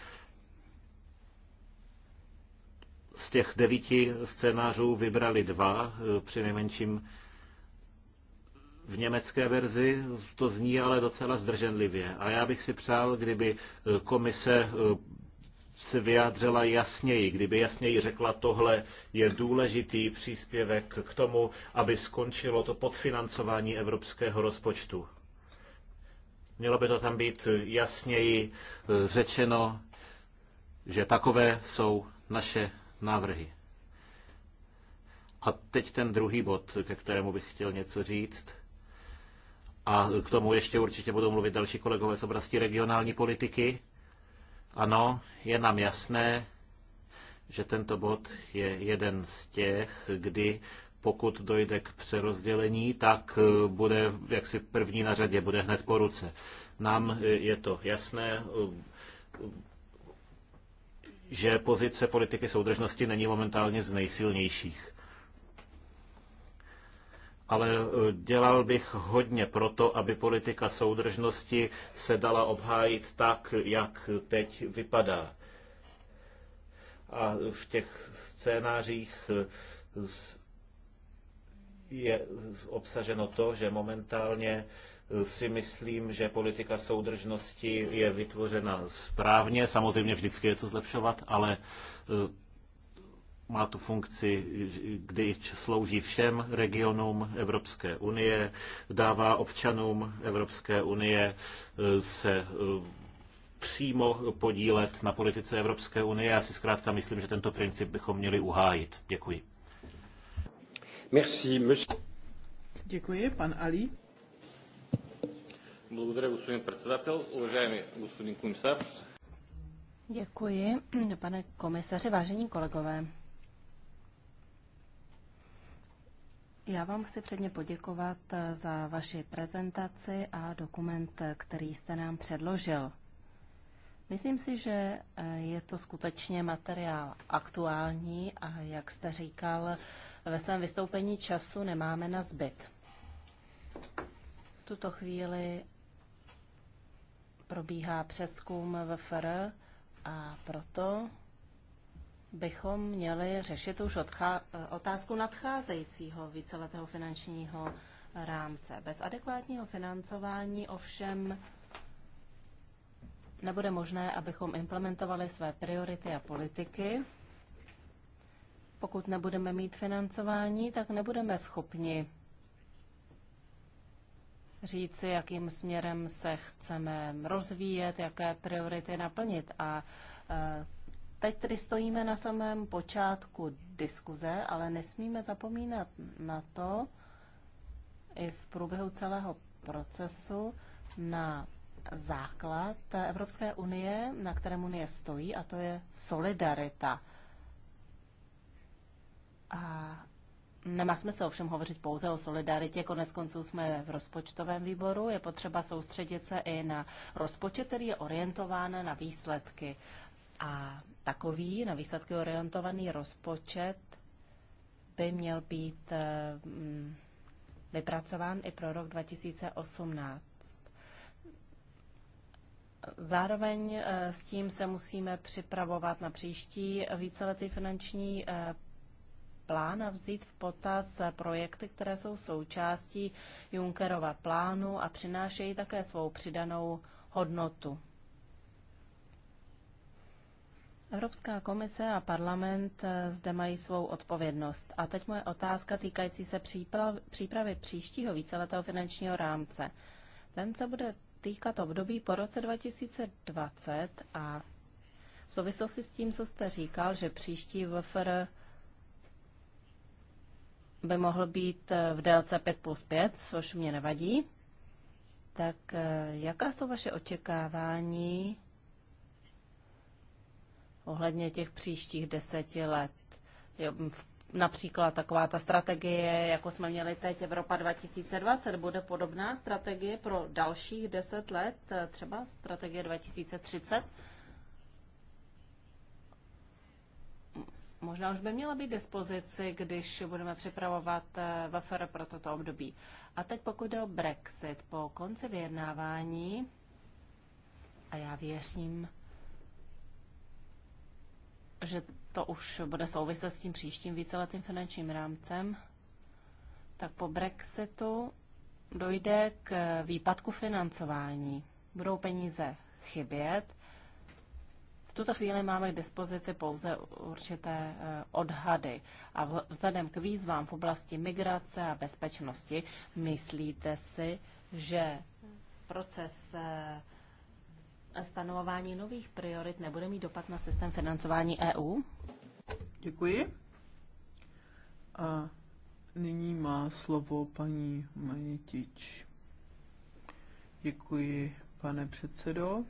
z těch devíti scénářů vybrali dva, eh, při nejmenším v německé verzi to zní ale docela zdrženlivě. A já bych si přál, kdyby eh, komise eh, se vyjádřila jasněji, kdyby jasněji řekla, tohle je důležitý příspěvek k tomu, aby skončilo to podfinancování evropského rozpočtu. Mělo by to tam být jasněji řečeno, že takové jsou naše návrhy. A teď ten druhý bod, ke kterému bych chtěl něco říct. A k tomu ještě určitě budou mluvit další kolegové z oblasti regionální politiky. Ano, je nám jasné, že tento bod je jeden z těch, kdy pokud dojde k přerozdělení, tak eh, bude jaksi první na řadě, bude hned po ruce. Nám eh, je to jasné, eh, že pozice politiky soudržnosti není momentálně z nejsilnějších. Ale eh, dělal bych hodně proto, aby politika soudržnosti se dala obhájit tak, jak teď vypadá. A v těch scénářích eh, je obsaženo to, že momentálně si myslím, že politika soudržnosti je vytvořena správně. Samozřejmě vždycky je to zlepšovat, ale e, má tu funkci, kdy slouží všem regionům Evropské unie, dává občanům Evropské unie e, se e, přímo podílet na politice Evropské unie. Já si zkrátka myslím, že tento princip bychom měli uhájit. Děkuji. Merci, Děkuji, pan Ali. Благодаря, господин председател. Уважаеми господин комисар. Děkuji, pane komisaři, vážení kolegové. Já vám chci předně poděkovat za vaši prezentaci a dokument, který jste nám předložil. Myslím si, že je to skutečně materiál aktuální a jak jste říkal ve svém vystoupení času nemáme na zbyt. V tuto chvíli probíhá přeskum FR a proto bychom měli řešit už otázku nadcházejícího víceletého finančního rámce. Bez adekvátního financování ovšem nebude možné, abychom implementovali své priority a politiky. Pokud nebudeme mít financování, tak nebudeme schopni říci, jakým směrem se chceme rozvíjet, jaké priority naplnit. A e, teď tedy stojíme na samém počátku diskuze, ale nesmíme zapomínat na to, i v průběhu celého procesu na základ Evropské unie, na kterém unie stojí, a to je solidarita. A Nemá smysl ovšem hovořit pouze o solidaritě, konec konců jsme v rozpočtovém výboru, je potřeba soustředit se i na rozpočet, který je orientován na výsledky. A takový na výsledky orientovaný rozpočet by měl být eh, mm, vypracován i pro rok 2018. Zároveň eh, s tím se musíme připravovat na příští víceletý finanční eh, plán a vzít v potaz projekty, které jsou součástí Junckerova plánu a přinášejí také svou přidanou hodnotu. Evropská komise a parlament eh, zde mají svou odpovědnost. A teď moje otázka týkající se přípravy příštího víceletého finančního rámce. Ten se bude týkat období po roce 2020 a v souvislosti s tím, co jste říkal, že příští VFR by mohl být eh, v délce 5 plus 5, což mě nevadí. Tak eh, jaká jsou vaše očekávání ohledně těch příštích deseti let? Například taková ta strategie, jako jsme měli teď Evropa 2020, bude podobná strategie pro dalších deset let, eh, třeba strategie 2030? možná už by měla být dispozici, když budeme připravovat eh, VFR pro toto období. A teď pokud jde o Brexit, po konci vyjednávání, a já věřím, že to už bude souviset s tím příštím víceletým finančním rámcem, tak po Brexitu dojde k eh, výpadku financování. Budou peníze chybět tuto chvíli máme k dispozici pouze určité eh, odhady. A vzhledem k výzvám v oblasti migrace a bezpečnosti, myslíte si, že proces eh, stanovování nových priorit nebude mít dopad na systém financování EU? Děkuji. A nyní má slovo paní Majetič. Děkuji, pane předsedo.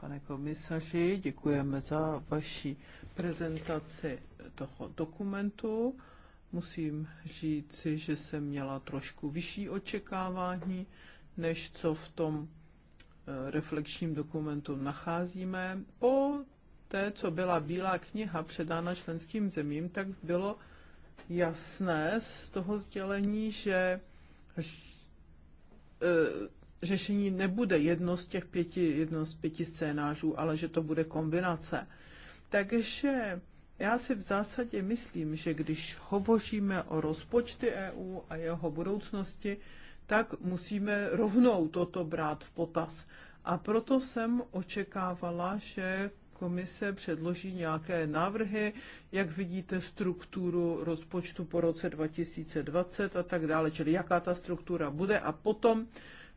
Pane komisaři, děkujeme za vaši prezentaci toho dokumentu. Musím říci, že jsem měla trošku vyšší očekávání, než co v tom eh, reflexním dokumentu nacházíme. Po té, co byla Bílá kniha předána členským zemím, tak bylo jasné z toho sdělení, že eh, řešení nebude jedno z těch pěti, jedno z pěti scénářů, ale že to bude kombinace. Takže já si v zásadě myslím, že když hovoříme o rozpočty EU a jeho budoucnosti, tak musíme rovnou toto brát v potaz. A proto jsem očekávala, že komise předloží nějaké návrhy, jak vidíte strukturu rozpočtu po roce 2020 a tak dále, čili jaká ta struktura bude a potom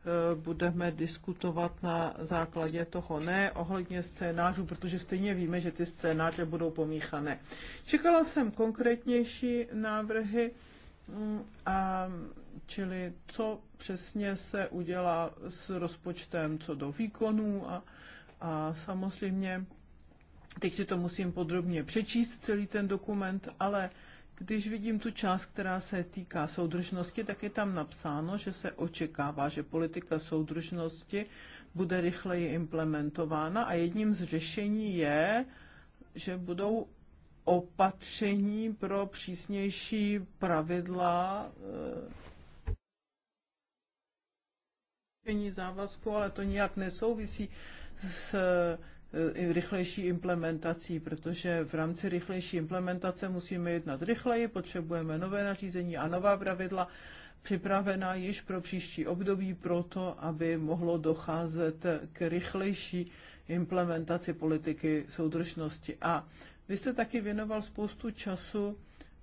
Eh, budeme diskutovat na základě toho ne ohledně scénářů, protože stejně víme, že ty scénáře budou pomíchané. Čekala jsem konkrétnější návrhy, mm, a čili co přesně se udělá s rozpočtem co do výkonů a, a samozřejmě teď si to musím podrobně přečíst, celý ten dokument, ale když vidím tu část, která se týká soudržnosti, tak je tam napsáno, že se očekává, že politika soudržnosti bude rychleji implementována a jedním z řešení je, že budou opatření pro přísnější pravidla eh, závazku, ale to nijak nesouvisí s rychlejší implementací, protože v rámci rychlejší implementace musíme jednat rychleji, potřebujeme nové nařízení a nová pravidla připravená již pro příští období proto, aby mohlo docházet k rychlejší implementaci politiky soudržnosti. A vy jste taky věnoval spoustu času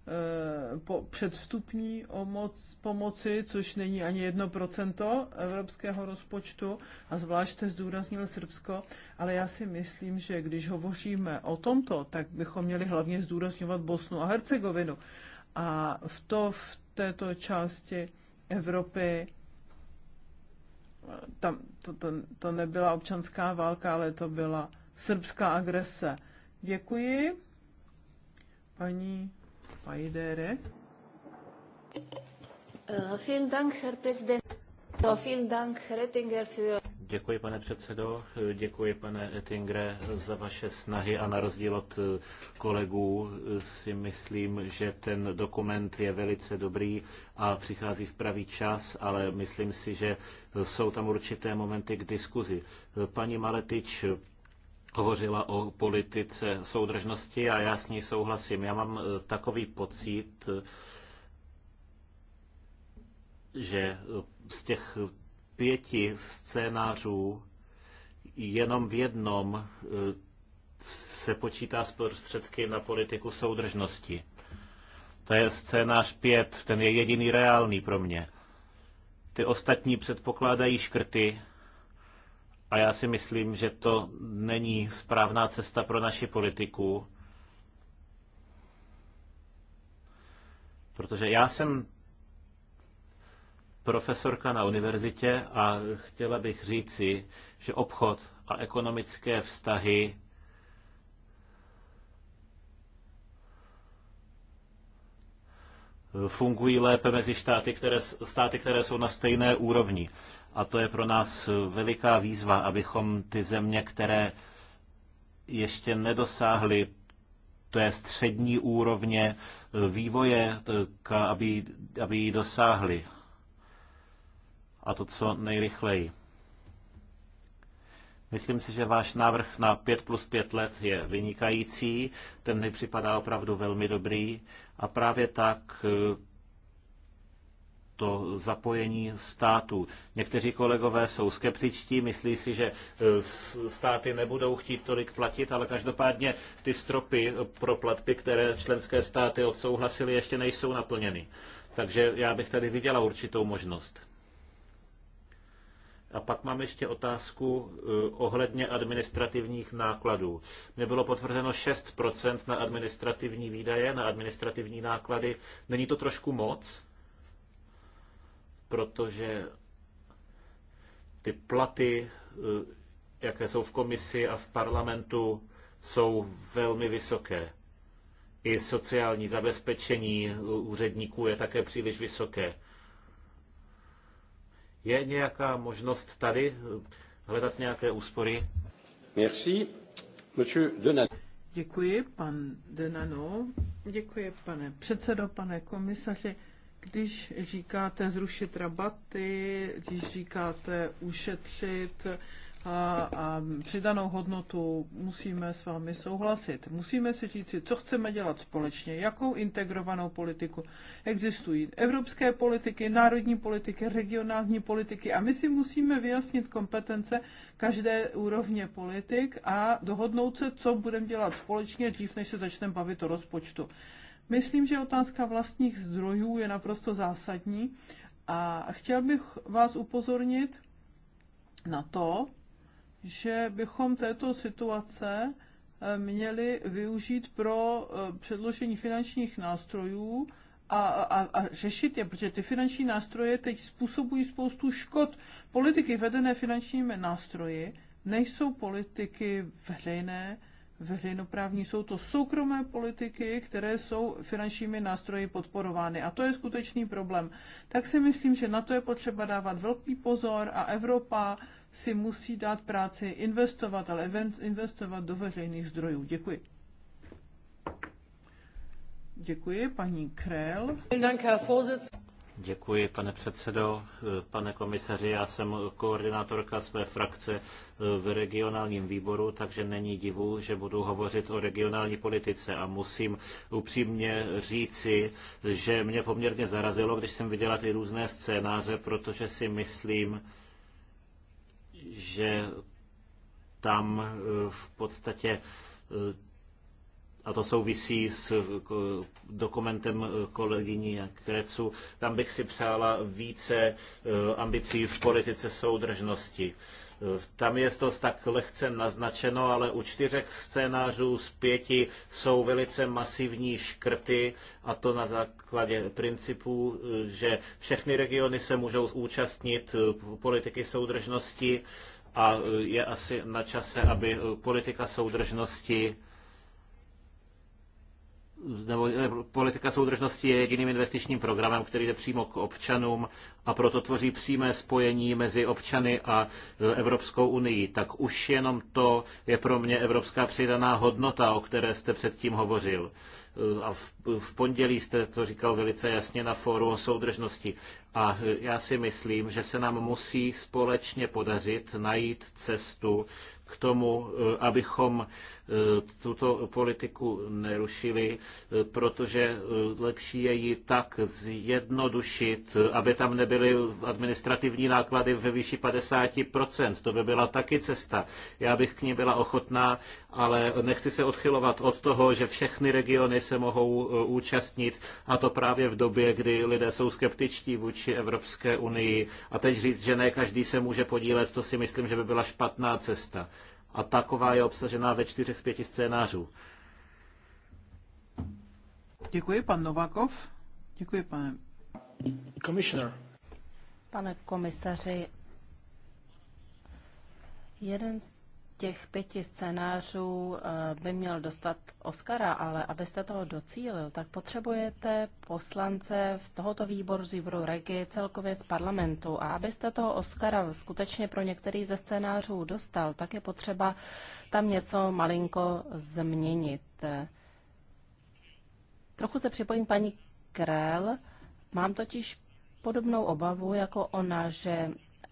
Eh, po předvstupní omoc, pomoci, což není ani 1% evropského rozpočtu a zvláště zdůraznil Srbsko, ale já si myslím, že když hovoříme o tomto, tak bychom měli hlavně zdůrazňovat Bosnu a Hercegovinu. A v to v této části Evropy eh, tam, to, to, to nebyla občanská válka, ale to byla srbská agrese. Děkuji. Paní Pajdere. Eh, děkuji, pane předsedo, eh, děkuji, pane Ettingere, za vaše snahy a na rozdíl od eh, kolegů si myslím, že ten dokument je velice dobrý a přichází v pravý čas, ale myslím si, že jsou tam určité momenty k diskuzi. Paní Maletič hovořila o politice soudržnosti a já s ní souhlasím. Já mám eh, takový pocit, eh, že eh, z těch pěti scénářů jenom v jednom se počítá z prostředky na politiku soudržnosti. To je scénář pět, ten je jediný reálný pro mě. Ty ostatní předpokládají škrty a já si myslím, že to není správná cesta pro naši politiku, protože já jsem profesorka na univerzitě a chtěla bych říci, že obchod a ekonomické vztahy fungují lépe mezi státy, které, státy, které jsou na stejné úrovni. A to je pro nás veliká výzva, abychom ty země, které ještě nedosáhly to je střední úrovně eh, vývoje, eh, aby, aby ji dosáhli. A to co nejrychleji. Myslím si, že váš návrh na 5 plus 5 let je vynikající, ten mi připadá opravdu velmi dobrý a právě tak eh, to zapojení států. Někteří kolegové jsou skeptičtí, myslí si, že e, státy nebudou chtít tolik platit, ale každopádně ty stropy pro platby, které členské státy odsouhlasily, ještě nejsou naplněny. Takže já bych tady viděla určitou možnost. A pak mám ještě otázku e, ohledně administrativních nákladů. Mně bylo potvrzeno 6% na administrativní výdaje, na administrativní náklady. Není to trošku moc? protože ty platy, eh, jaké jsou v komisi a v parlamentu, jsou velmi vysoké. I sociální zabezpečení eh, úředníků je také příliš vysoké. Je nějaká možnost tady eh, hledat nějaké úspory? Merci. Děkuji, pan Denano. Děkuji, pane předsedo, pane komisaři. Když říkáte zrušit rabaty, když říkáte ušetřit a, a přidanou hodnotu, musíme s vámi souhlasit. Musíme si říct, co chceme dělat společně, jakou integrovanou politiku. Existují evropské politiky, národní politiky, regionální politiky a my si musíme vyjasnit kompetence každé úrovně politik a dohodnout se, co budeme dělat společně, dřív než se začneme bavit o rozpočtu. Myslím, že otázka vlastních zdrojů je naprosto zásadní a chtěl bych vás upozornit na to, že bychom této situace eh, měli využít pro eh, předložení finančních nástrojů a, a, a řešit je, protože ty finanční nástroje teď způsobují spoustu škod. Politiky vedené finančními nástroji nejsou politiky veřejné, veřejnoprávní, jsou to soukromé politiky, které jsou finančními nástroji podporovány. A to je skutečný problém. Tak si myslím, že na to je potřeba dávat velký pozor a Evropa si musí dát práci investovat, ale investovat do veřejných zdrojů. Děkuji. Děkuji, paní Krell. Děkuji, pane předsedo. Pane komisaři, já jsem koordinátorka své frakce v regionálním výboru, takže není divu, že budu hovořit o regionální politice a musím upřímně říci, že mě poměrně zarazilo, když jsem viděla ty různé scénáře, protože si myslím, že tam v podstatě a to souvisí s dokumentem kolegyní Krecu, tam bych si přála více e, ambicí v politice soudržnosti. E, tam je to tak lehce naznačeno, ale u čtyřech scénářů z pěti jsou velice masivní škrty a to na základě principů, e, že všechny regiony se můžou účastnit politiky soudržnosti a je asi na čase, aby politika soudržnosti nebo eh, politika soudržnosti je jediným investičním programem, který jde přímo k občanům a proto tvoří přímé spojení mezi občany a eh, Evropskou unii. Tak už jenom to je pro mě evropská přidaná hodnota, o které jste předtím hovořil. Eh, a v v pondělí jste to říkal velice jasně na fóru o soudržnosti. A já si myslím, že se nám musí společně podařit najít cestu k tomu, eh, abychom eh, tuto politiku nerušili, eh, protože lepší je ji tak zjednodušit, aby tam nebyly administrativní náklady ve výši 50%. To by byla taky cesta. Já bych k ní byla ochotná, ale nechci se odchylovat od toho, že všechny regiony se mohou Eh, účastnit a to právě v době, kdy lidé jsou skeptičtí vůči Evropské unii. A teď říct, že ne každý se může podílet, to si myslím, že by byla špatná cesta. A taková je obsažená ve čtyřech z pěti scénářů. Děkuji, pan Novakov. Děkuji, pane. Commissioner. Pane komisaři, jeden z těch pěti scénářů eh, by měl dostat Oscara, ale abyste toho docílil, tak potřebujete poslance v tohoto výboru, z výboru Regi, celkově z parlamentu. A abyste toho Oscara skutečně pro některý ze scénářů dostal, tak je potřeba tam něco malinko změnit. Trochu se připojím paní Krell. Mám totiž podobnou obavu jako ona, že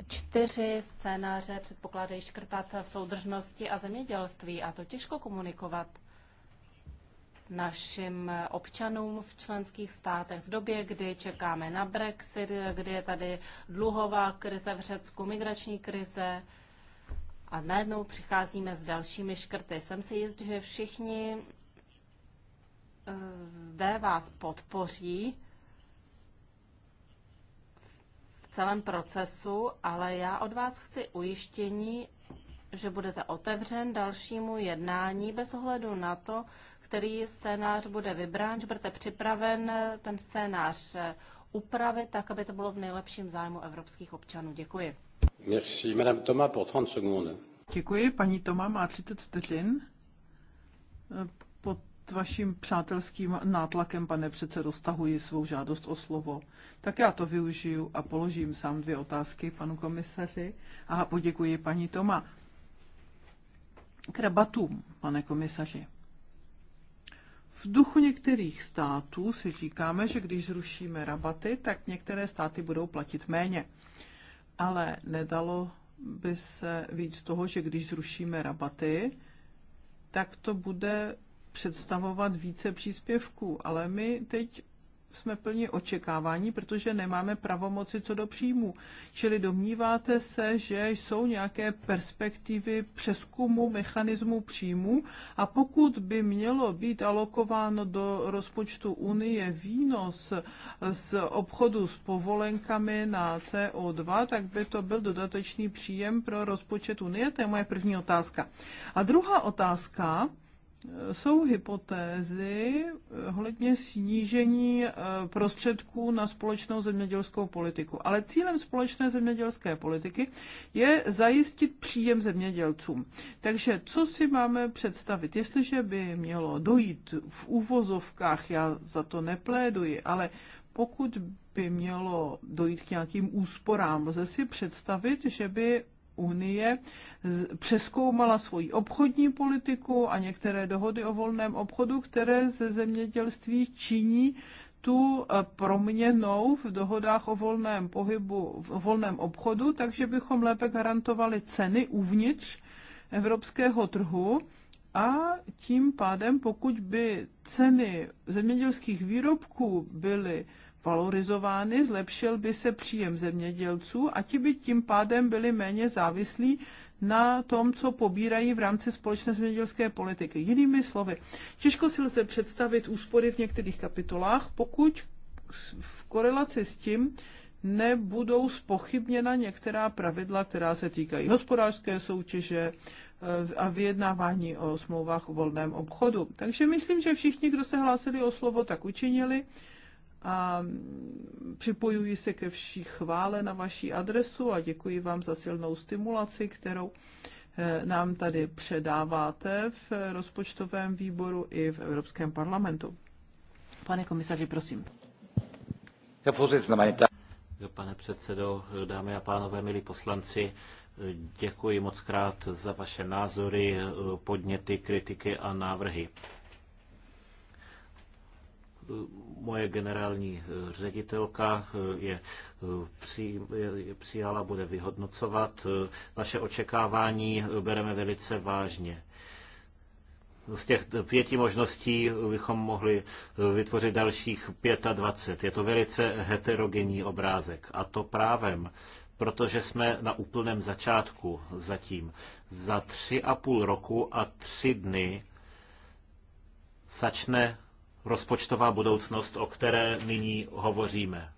čtyři scénáře předpokládají škrtat v soudržnosti a zemědělství a to těžko komunikovat našim občanům v členských státech v době, kdy čekáme na Brexit, kdy je tady dluhová krize v Řecku, migrační krize a najednou přicházíme s dalšími škrty. Jsem si jist, že všichni eh, zde vás podpoří celém procesu, ale já od vás chci ujištění, že budete otevřen dalšímu jednání bez ohledu na to, který scénář bude vybrán, že budete připraven ten scénář eh, upravit tak, aby to bylo v nejlepším zájmu evropských občanů. Děkuji. Merci, Madame Thomas, pour 30 secondes. Děkuji, paní Toma má 30 vteřin vaším přátelským nátlakem, pane předsedo, stahuji svou žádost o slovo. Tak já to využiju a položím sám dvě otázky panu komisaři a poděkuji paní Toma. Krabatům, pane komisaři. V duchu některých států si říkáme, že když zrušíme rabaty, tak některé státy budou platit méně. Ale nedalo by se víc toho, že když zrušíme rabaty, tak to bude představovat více příspěvků, ale my teď jsme plně očekávání, protože nemáme pravomoci co do příjmu. Čili domníváte se, že jsou nějaké perspektivy přeskumu mechanismu příjmu a pokud by mělo být alokováno do rozpočtu Unie výnos z obchodu s povolenkami na CO2, tak by to byl dodatečný příjem pro rozpočet Unie? To je moje první otázka. A druhá otázka, jsou hypotézy eh, ohledně snížení eh, prostředků na společnou zemědělskou politiku. Ale cílem společné zemědělské politiky je zajistit příjem zemědělcům. Takže co si máme představit? Jestliže by mělo dojít v úvozovkách, já za to nepléduji, ale pokud by mělo dojít k nějakým úsporám, lze si představit, že by unie přeskoumala svoji obchodní politiku a některé dohody o volném obchodu, které ze zemědělství činí tu eh, proměnou v dohodách o volném pohybu, o volném obchodu, takže bychom lépe garantovali ceny uvnitř evropského trhu a tím pádem, pokud by ceny zemědělských výrobků byly valorizovány, zlepšil by se příjem zemědělců a ti by tím pádem byli méně závislí na tom, co pobírají v rámci společné zemědělské politiky. Jinými slovy, těžko si lze představit úspory v některých kapitolách, pokud v korelaci s tím nebudou spochybněna některá pravidla, která se týkají hospodářské soutěže eh, a vyjednávání o smlouvách o volném obchodu. Takže myslím, že všichni, kdo se hlásili o slovo, tak učinili a připojuji se ke vší chvále na vaší adresu a děkuji vám za silnou stimulaci, kterou eh, nám tady předáváte v rozpočtovém výboru i v Evropském parlamentu. Pane komisaři, prosím. Pane předsedo, dámy a pánové, milí poslanci, děkuji moc krát za vaše názory, podněty, kritiky a návrhy moje generální eh, ředitelka eh, je, eh, při, je přijala, bude vyhodnocovat. Vaše očekávání bereme velice vážně. Z těch pěti možností bychom mohli vytvořit dalších 25. Je to velice heterogenní obrázek a to právem, protože jsme na úplném začátku zatím. Za tři a půl roku a tři dny začne rozpočtová budoucnost, o které nyní hovoříme.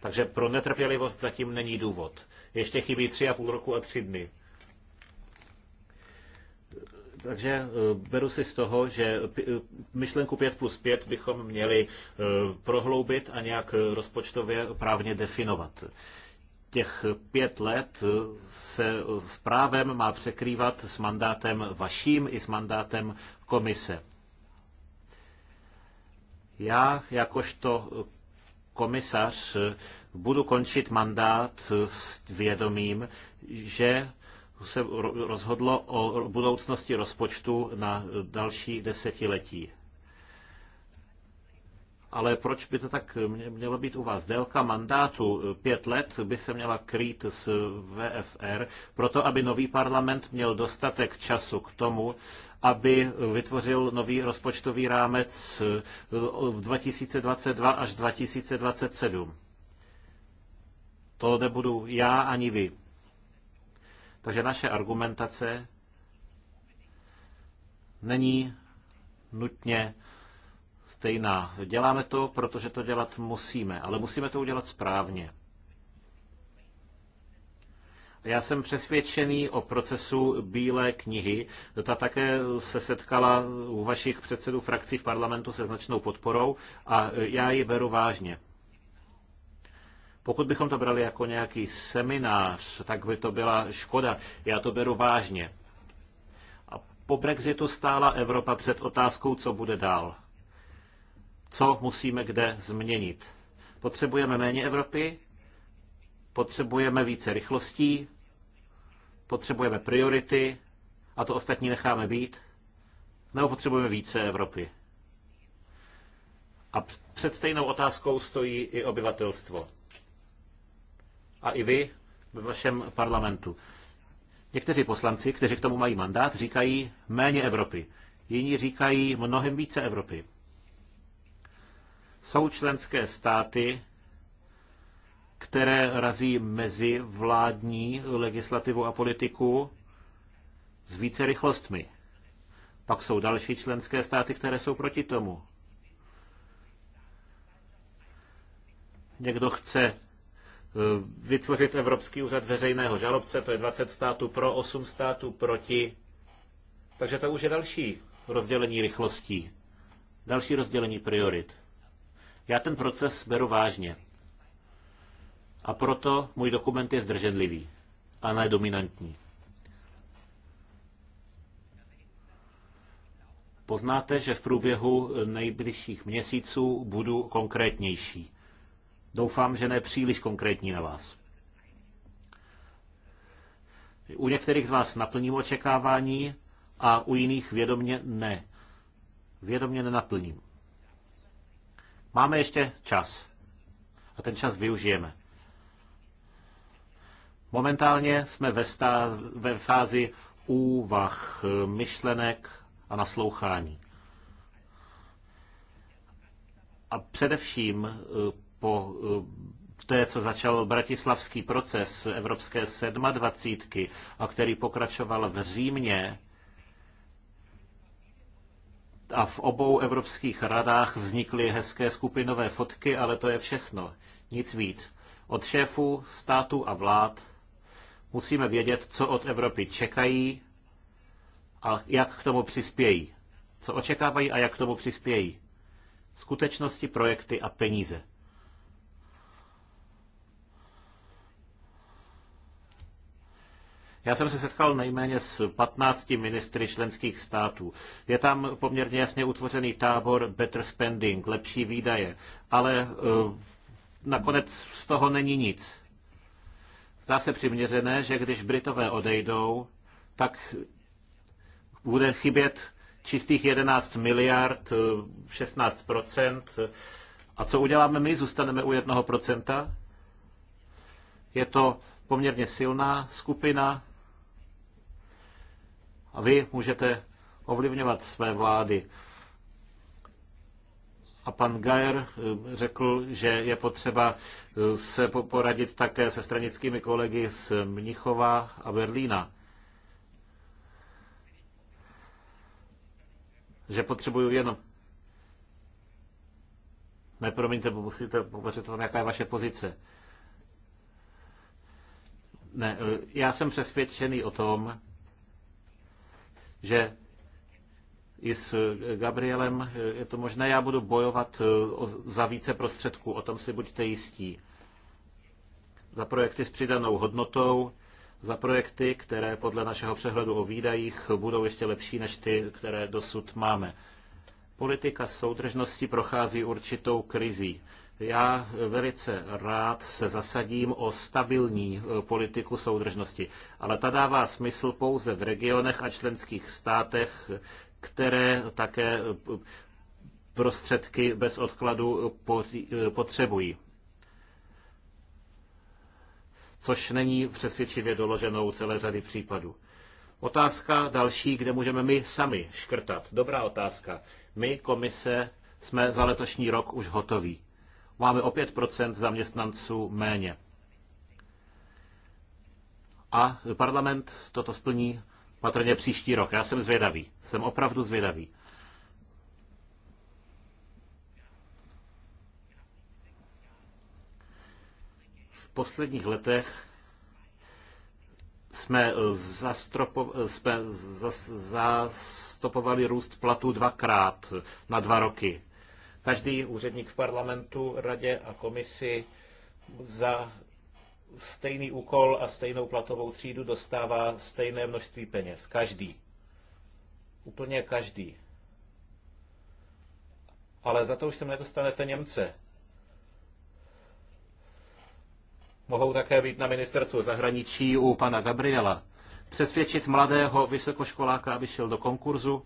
Takže pro netrpělivost zatím není důvod. Ještě chybí tři a půl roku a tři dny. Takže eh, beru si z toho, že eh, myšlenku 5 plus 5 bychom měli eh, prohloubit a nějak rozpočtově právně definovat. Těch pět let se s právem má překrývat s mandátem vaším i s mandátem komise. Já jakožto komisař budu končit mandát s vědomím, že se rozhodlo o budoucnosti rozpočtu na další desetiletí ale proč by to tak mělo být u vás? Délka mandátu eh, pět let by se měla krýt s VFR, proto aby nový parlament měl dostatek času k tomu, aby vytvořil nový rozpočtový rámec eh, v 2022 až 2027. To nebudu já ani vy. Takže naše argumentace není nutně stejná. Děláme to, protože to dělat musíme, ale musíme to udělat správně. Já jsem přesvědčený o procesu Bílé knihy. Ta také se setkala u vašich předsedů frakcí v parlamentu se značnou podporou a já ji beru vážně. Pokud bychom to brali jako nějaký seminář, tak by to byla škoda. Já to beru vážně. A po Brexitu stála Evropa před otázkou, co bude dál co musíme kde změnit. Potřebujeme méně Evropy, potřebujeme více rychlostí, potřebujeme priority a to ostatní necháme být, nebo potřebujeme více Evropy. A před stejnou otázkou stojí i obyvatelstvo. A i vy ve vašem parlamentu. Někteří poslanci, kteří k tomu mají mandát, říkají méně Evropy. Jiní říkají mnohem více Evropy. Jsou členské státy, které razí mezi vládní legislativu a politiku s více rychlostmi. Pak jsou další členské státy, které jsou proti tomu. Někdo chce eh, vytvořit Evropský úřad veřejného žalobce, to je 20 států pro, 8 států proti. Takže to už je další rozdělení rychlostí, další rozdělení priorit. Já ten proces beru vážně. A proto můj dokument je zdrženlivý a dominantní. Poznáte, že v průběhu nejbližších měsíců budu konkrétnější. Doufám, že ne příliš konkrétní na vás. U některých z vás naplním očekávání a u jiných vědomně ne. Vědomně nenaplním. Máme ještě čas. A ten čas využijeme. Momentálně jsme ve, stá, ve fázi úvah, myšlenek a naslouchání. A především eh, po eh, té, co začal bratislavský proces Evropské sedmadvacítky, a který pokračoval v Římě, a v obou evropských radách vznikly hezké skupinové fotky, ale to je všechno. Nic víc. Od šéfů, států a vlád musíme vědět, co od Evropy čekají a jak k tomu přispějí. Co očekávají a jak k tomu přispějí. Skutečnosti, projekty a peníze. Já jsem se setkal nejméně s 15 ministry členských států. Je tam poměrně jasně utvořený tábor better spending, lepší výdaje, ale eh, nakonec z toho není nic. Zdá se přiměřené, že když Britové odejdou, tak bude chybět čistých 11 miliard, 16 eh, A co uděláme my? Zůstaneme u 1 Je to poměrně silná skupina a vy můžete ovlivňovat své vlády. A pan Gajer eh, řekl, že je potřeba eh, se poradit také se stranickými kolegy z Mnichova a Berlína. Že potřebuju jenom. Ne, promiňte, musíte povařit tam, jaká je vaše pozice. Ne, eh, já jsem přesvědčený o tom, že i s Gabrielem je to možné, já budu bojovat eh, za více prostředků, o tom si buďte jistí. Za projekty s přidanou hodnotou, za projekty, které podle našeho přehledu o výdajích budou ještě lepší než ty, které dosud máme. Politika soudržnosti prochází určitou krizí. Já velice rád se zasadím o stabilní eh, politiku soudržnosti, ale ta dává smysl pouze v regionech a členských státech, které také eh, prostředky bez odkladu eh, potřebují což není přesvědčivě doloženou celé řady případů. Otázka další, kde můžeme my sami škrtat. Dobrá otázka. My, komise, jsme za letošní rok už hotoví máme o 5% zaměstnanců méně. A parlament toto splní patrně příští rok. Já jsem zvědavý. Jsem opravdu zvědavý. V posledních letech jsme, zastropo, jsme zastopovali růst platů dvakrát na dva roky každý úředník v parlamentu, radě a komisi za stejný úkol a stejnou platovou třídu dostává stejné množství peněz. Každý. Úplně každý. Ale za to už sem nedostanete Němce. Mohou také být na ministerstvu zahraničí u pana Gabriela. Přesvědčit mladého vysokoškoláka, aby šel do konkurzu,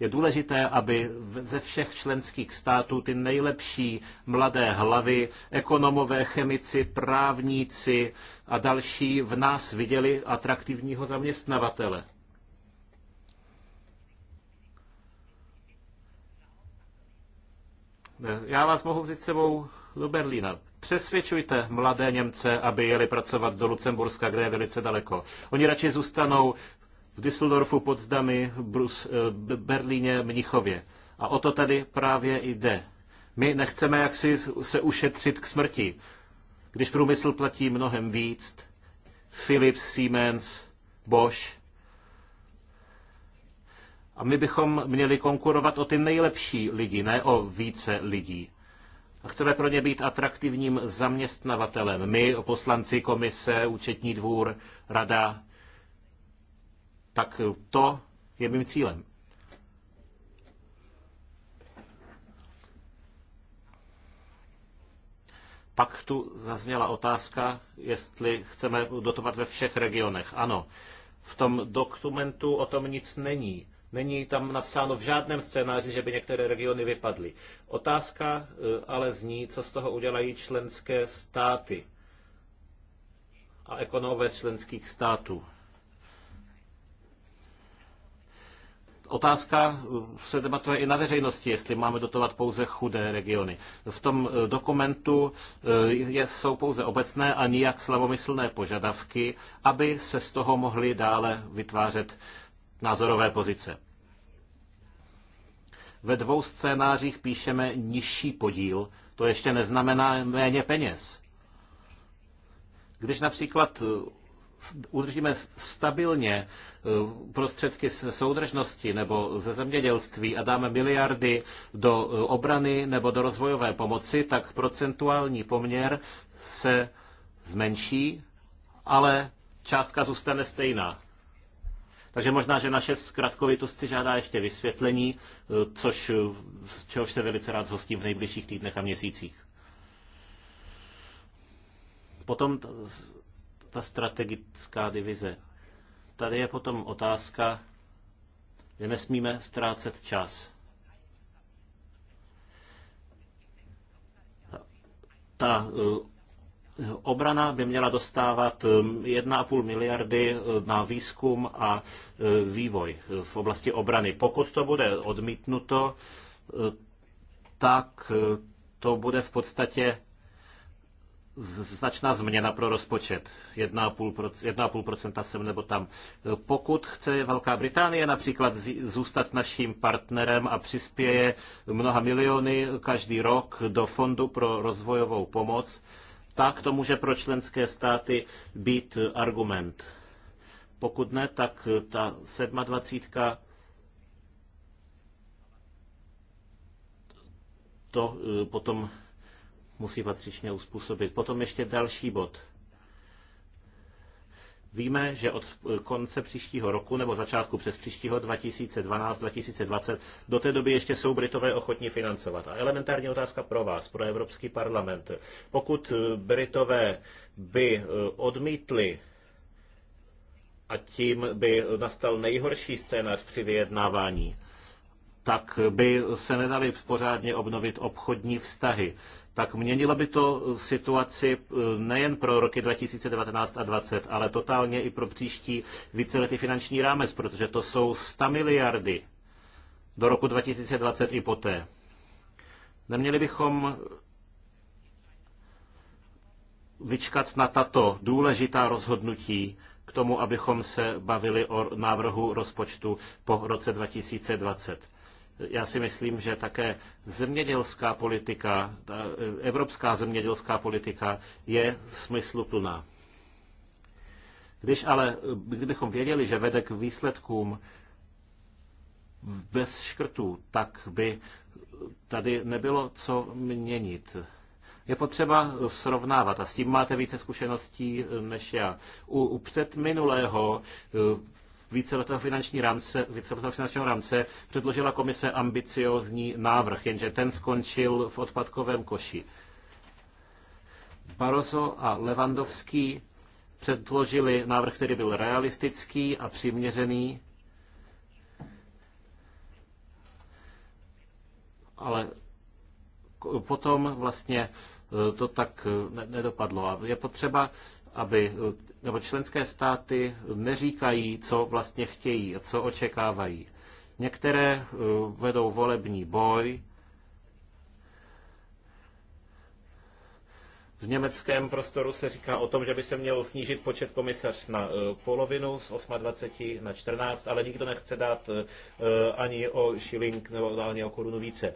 je důležité, aby ze všech členských států ty nejlepší mladé hlavy, ekonomové, chemici, právníci a další v nás viděli atraktivního zaměstnavatele. Já vás mohu vzít sebou do Berlína. Přesvědčujte mladé Němce, aby jeli pracovat do Lucemburska, kde je velice daleko. Oni radši zůstanou v Düsseldorfu, Potsdamy, Brus, eh, Berlíně, Mnichově. A o to tady právě jde. My nechceme jaksi se ušetřit k smrti. Když průmysl platí mnohem víc, Philips, Siemens, Bosch. A my bychom měli konkurovat o ty nejlepší lidi, ne o více lidí. A chceme pro ně být atraktivním zaměstnavatelem. My, poslanci komise, účetní dvůr, rada, tak to je mým cílem. Pak tu zazněla otázka, jestli chceme dotovat ve všech regionech. Ano, v tom dokumentu o tom nic není. Není tam napsáno v žádném scénáři, že by některé regiony vypadly. Otázka eh, ale zní, co z toho udělají členské státy a ekonomové členských států. Otázka eh, se debatuje i na veřejnosti, jestli máme dotovat pouze chudé regiony. V tom eh, dokumentu eh, je, jsou pouze obecné a nijak slabomyslné požadavky, aby se z toho mohly dále vytvářet názorové pozice. Ve dvou scénářích píšeme nižší podíl, to ještě neznamená méně peněz. Když například udržíme stabilně eh, prostředky ze soudržnosti nebo ze zemědělství a dáme miliardy do eh, obrany nebo do rozvojové pomoci, tak procentuální poměr se zmenší, ale částka zůstane stejná. Takže možná, že naše zkratkovitost si žádá ještě vysvětlení, eh, což, čehož se velice rád zhostím v nejbližších týdnech a měsících. Potom ta strategická divize. Tady je potom otázka, že nesmíme ztrácet čas. Ta, eh, Obrana by měla dostávat 1,5 eh, miliardy eh, na výzkum a vývoj v oblasti obrany. Pokud to bude odmítnuto, tak to bude v podstatě značná změna pro rozpočet. 1,5% sem nebo tam. Pokud chce Velká Británie například zůstat naším partnerem a přispěje mnoha miliony každý rok do Fondu pro rozvojovou pomoc, tak to může pro členské státy být argument. Pokud ne, tak ta 27. to e, potom musí patřičně uspůsobit. Potom ještě další bod. Víme, že od konce příštího roku nebo začátku přes příštího 2012-2020 do té doby ještě jsou Britové ochotní financovat. A elementární otázka pro vás, pro Evropský parlament. Pokud eh, Britové by eh, odmítli a tím by nastal nejhorší scénář při vyjednávání, tak by se nedali pořádně obnovit obchodní vztahy tak měnilo by to eh, situaci eh, nejen pro roky 2019 a 2020, ale totálně i pro příští vícelety finanční rámec, protože to jsou 100 miliardy do roku 2020 i poté. Neměli bychom vyčkat na tato důležitá rozhodnutí k tomu, abychom se bavili o návrhu rozpočtu po roce 2020 já si myslím, že také zemědělská politika, e, evropská zemědělská politika je smysluplná. Když ale, kdybychom věděli, že vede k výsledkům bez škrtů, tak by tady nebylo co měnit. Je potřeba srovnávat a s tím máte více zkušeností e, než já. U, u předminulého e, víceletého finanční rámce, víceletého finančního rámce předložila komise ambiciozní návrh, jenže ten skončil v odpadkovém koši. Barroso a Levandovský předložili návrh, který byl realistický a přiměřený, ale potom vlastně to tak nedopadlo. A je potřeba, aby nebo členské státy neříkají, co vlastně chtějí a co očekávají. Některé eh, vedou volební boj. V německém prostoru se říká o tom, že by se měl snížit počet komisař na eh, polovinu z 28 na 14, ale nikdo nechce dát eh, ani o šiling nebo ani o korunu více.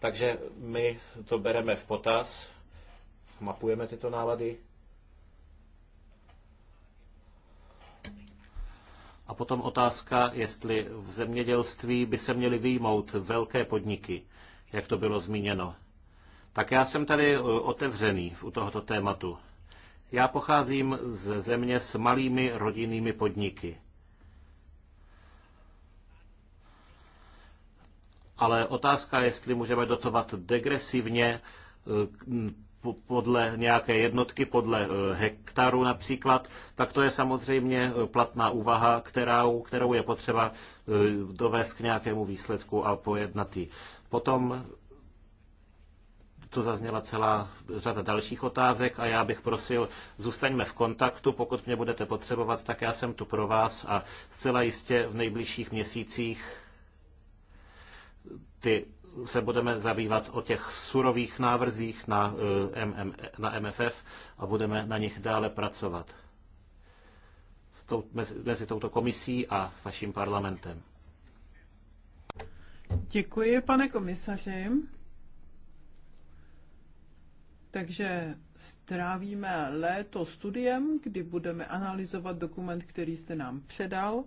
Takže my to bereme v potaz mapujeme tyto nálady. A potom otázka, jestli v zemědělství by se měly výjmout velké podniky, jak to bylo zmíněno. Tak já jsem tady e, otevřený u tohoto tématu. Já pocházím z země s malými rodinnými podniky. Ale otázka, jestli můžeme dotovat degresivně e, podle nějaké jednotky, podle eh, hektaru například, tak to je samozřejmě eh, platná úvaha, kterou, kterou je potřeba eh, dovést k nějakému výsledku a pojednat ji. Potom to zazněla celá řada dalších otázek a já bych prosil, zůstaňme v kontaktu, pokud mě budete potřebovat, tak já jsem tu pro vás a zcela jistě v nejbližších měsících ty se budeme zabývat o těch surových návrzích na, MM, na MFF a budeme na nich dále pracovat S tou, mezi, mezi touto komisí a vaším parlamentem. Děkuji, pane komisaři. Takže strávíme léto studiem, kdy budeme analyzovat dokument, který jste nám předal.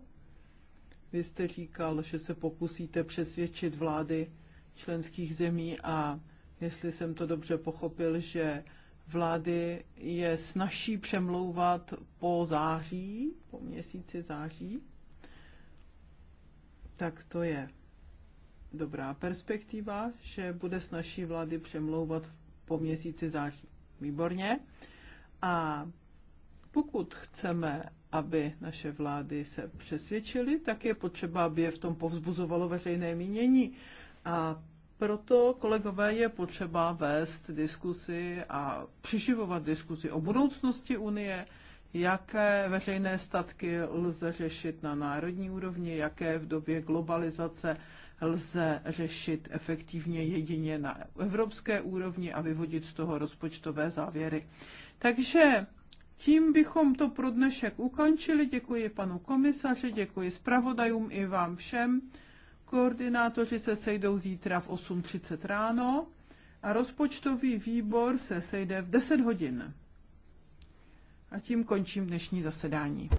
Vy jste říkal, že se pokusíte přesvědčit vlády, členských zemí a jestli jsem to dobře pochopil, že vlády je snaží přemlouvat po září, po měsíci září, tak to je dobrá perspektiva, že bude snaží vlády přemlouvat po měsíci září. Výborně. A pokud chceme, aby naše vlády se přesvědčily, tak je potřeba, aby je v tom povzbuzovalo veřejné mínění a proto, kolegové, je potřeba vést diskusi a přiživovat diskusi o budoucnosti Unie, jaké veřejné statky lze řešit na národní úrovni, jaké v době globalizace lze řešit efektivně jedině na evropské úrovni a vyvodit z toho rozpočtové závěry. Takže tím bychom to pro dnešek ukončili. Děkuji panu komisaři, děkuji zpravodajům i vám všem. Koordinátoři se sejdou zítra v 8.30 ráno a rozpočtový výbor se sejde v 10 hodin. A tím končím dnešní zasedání.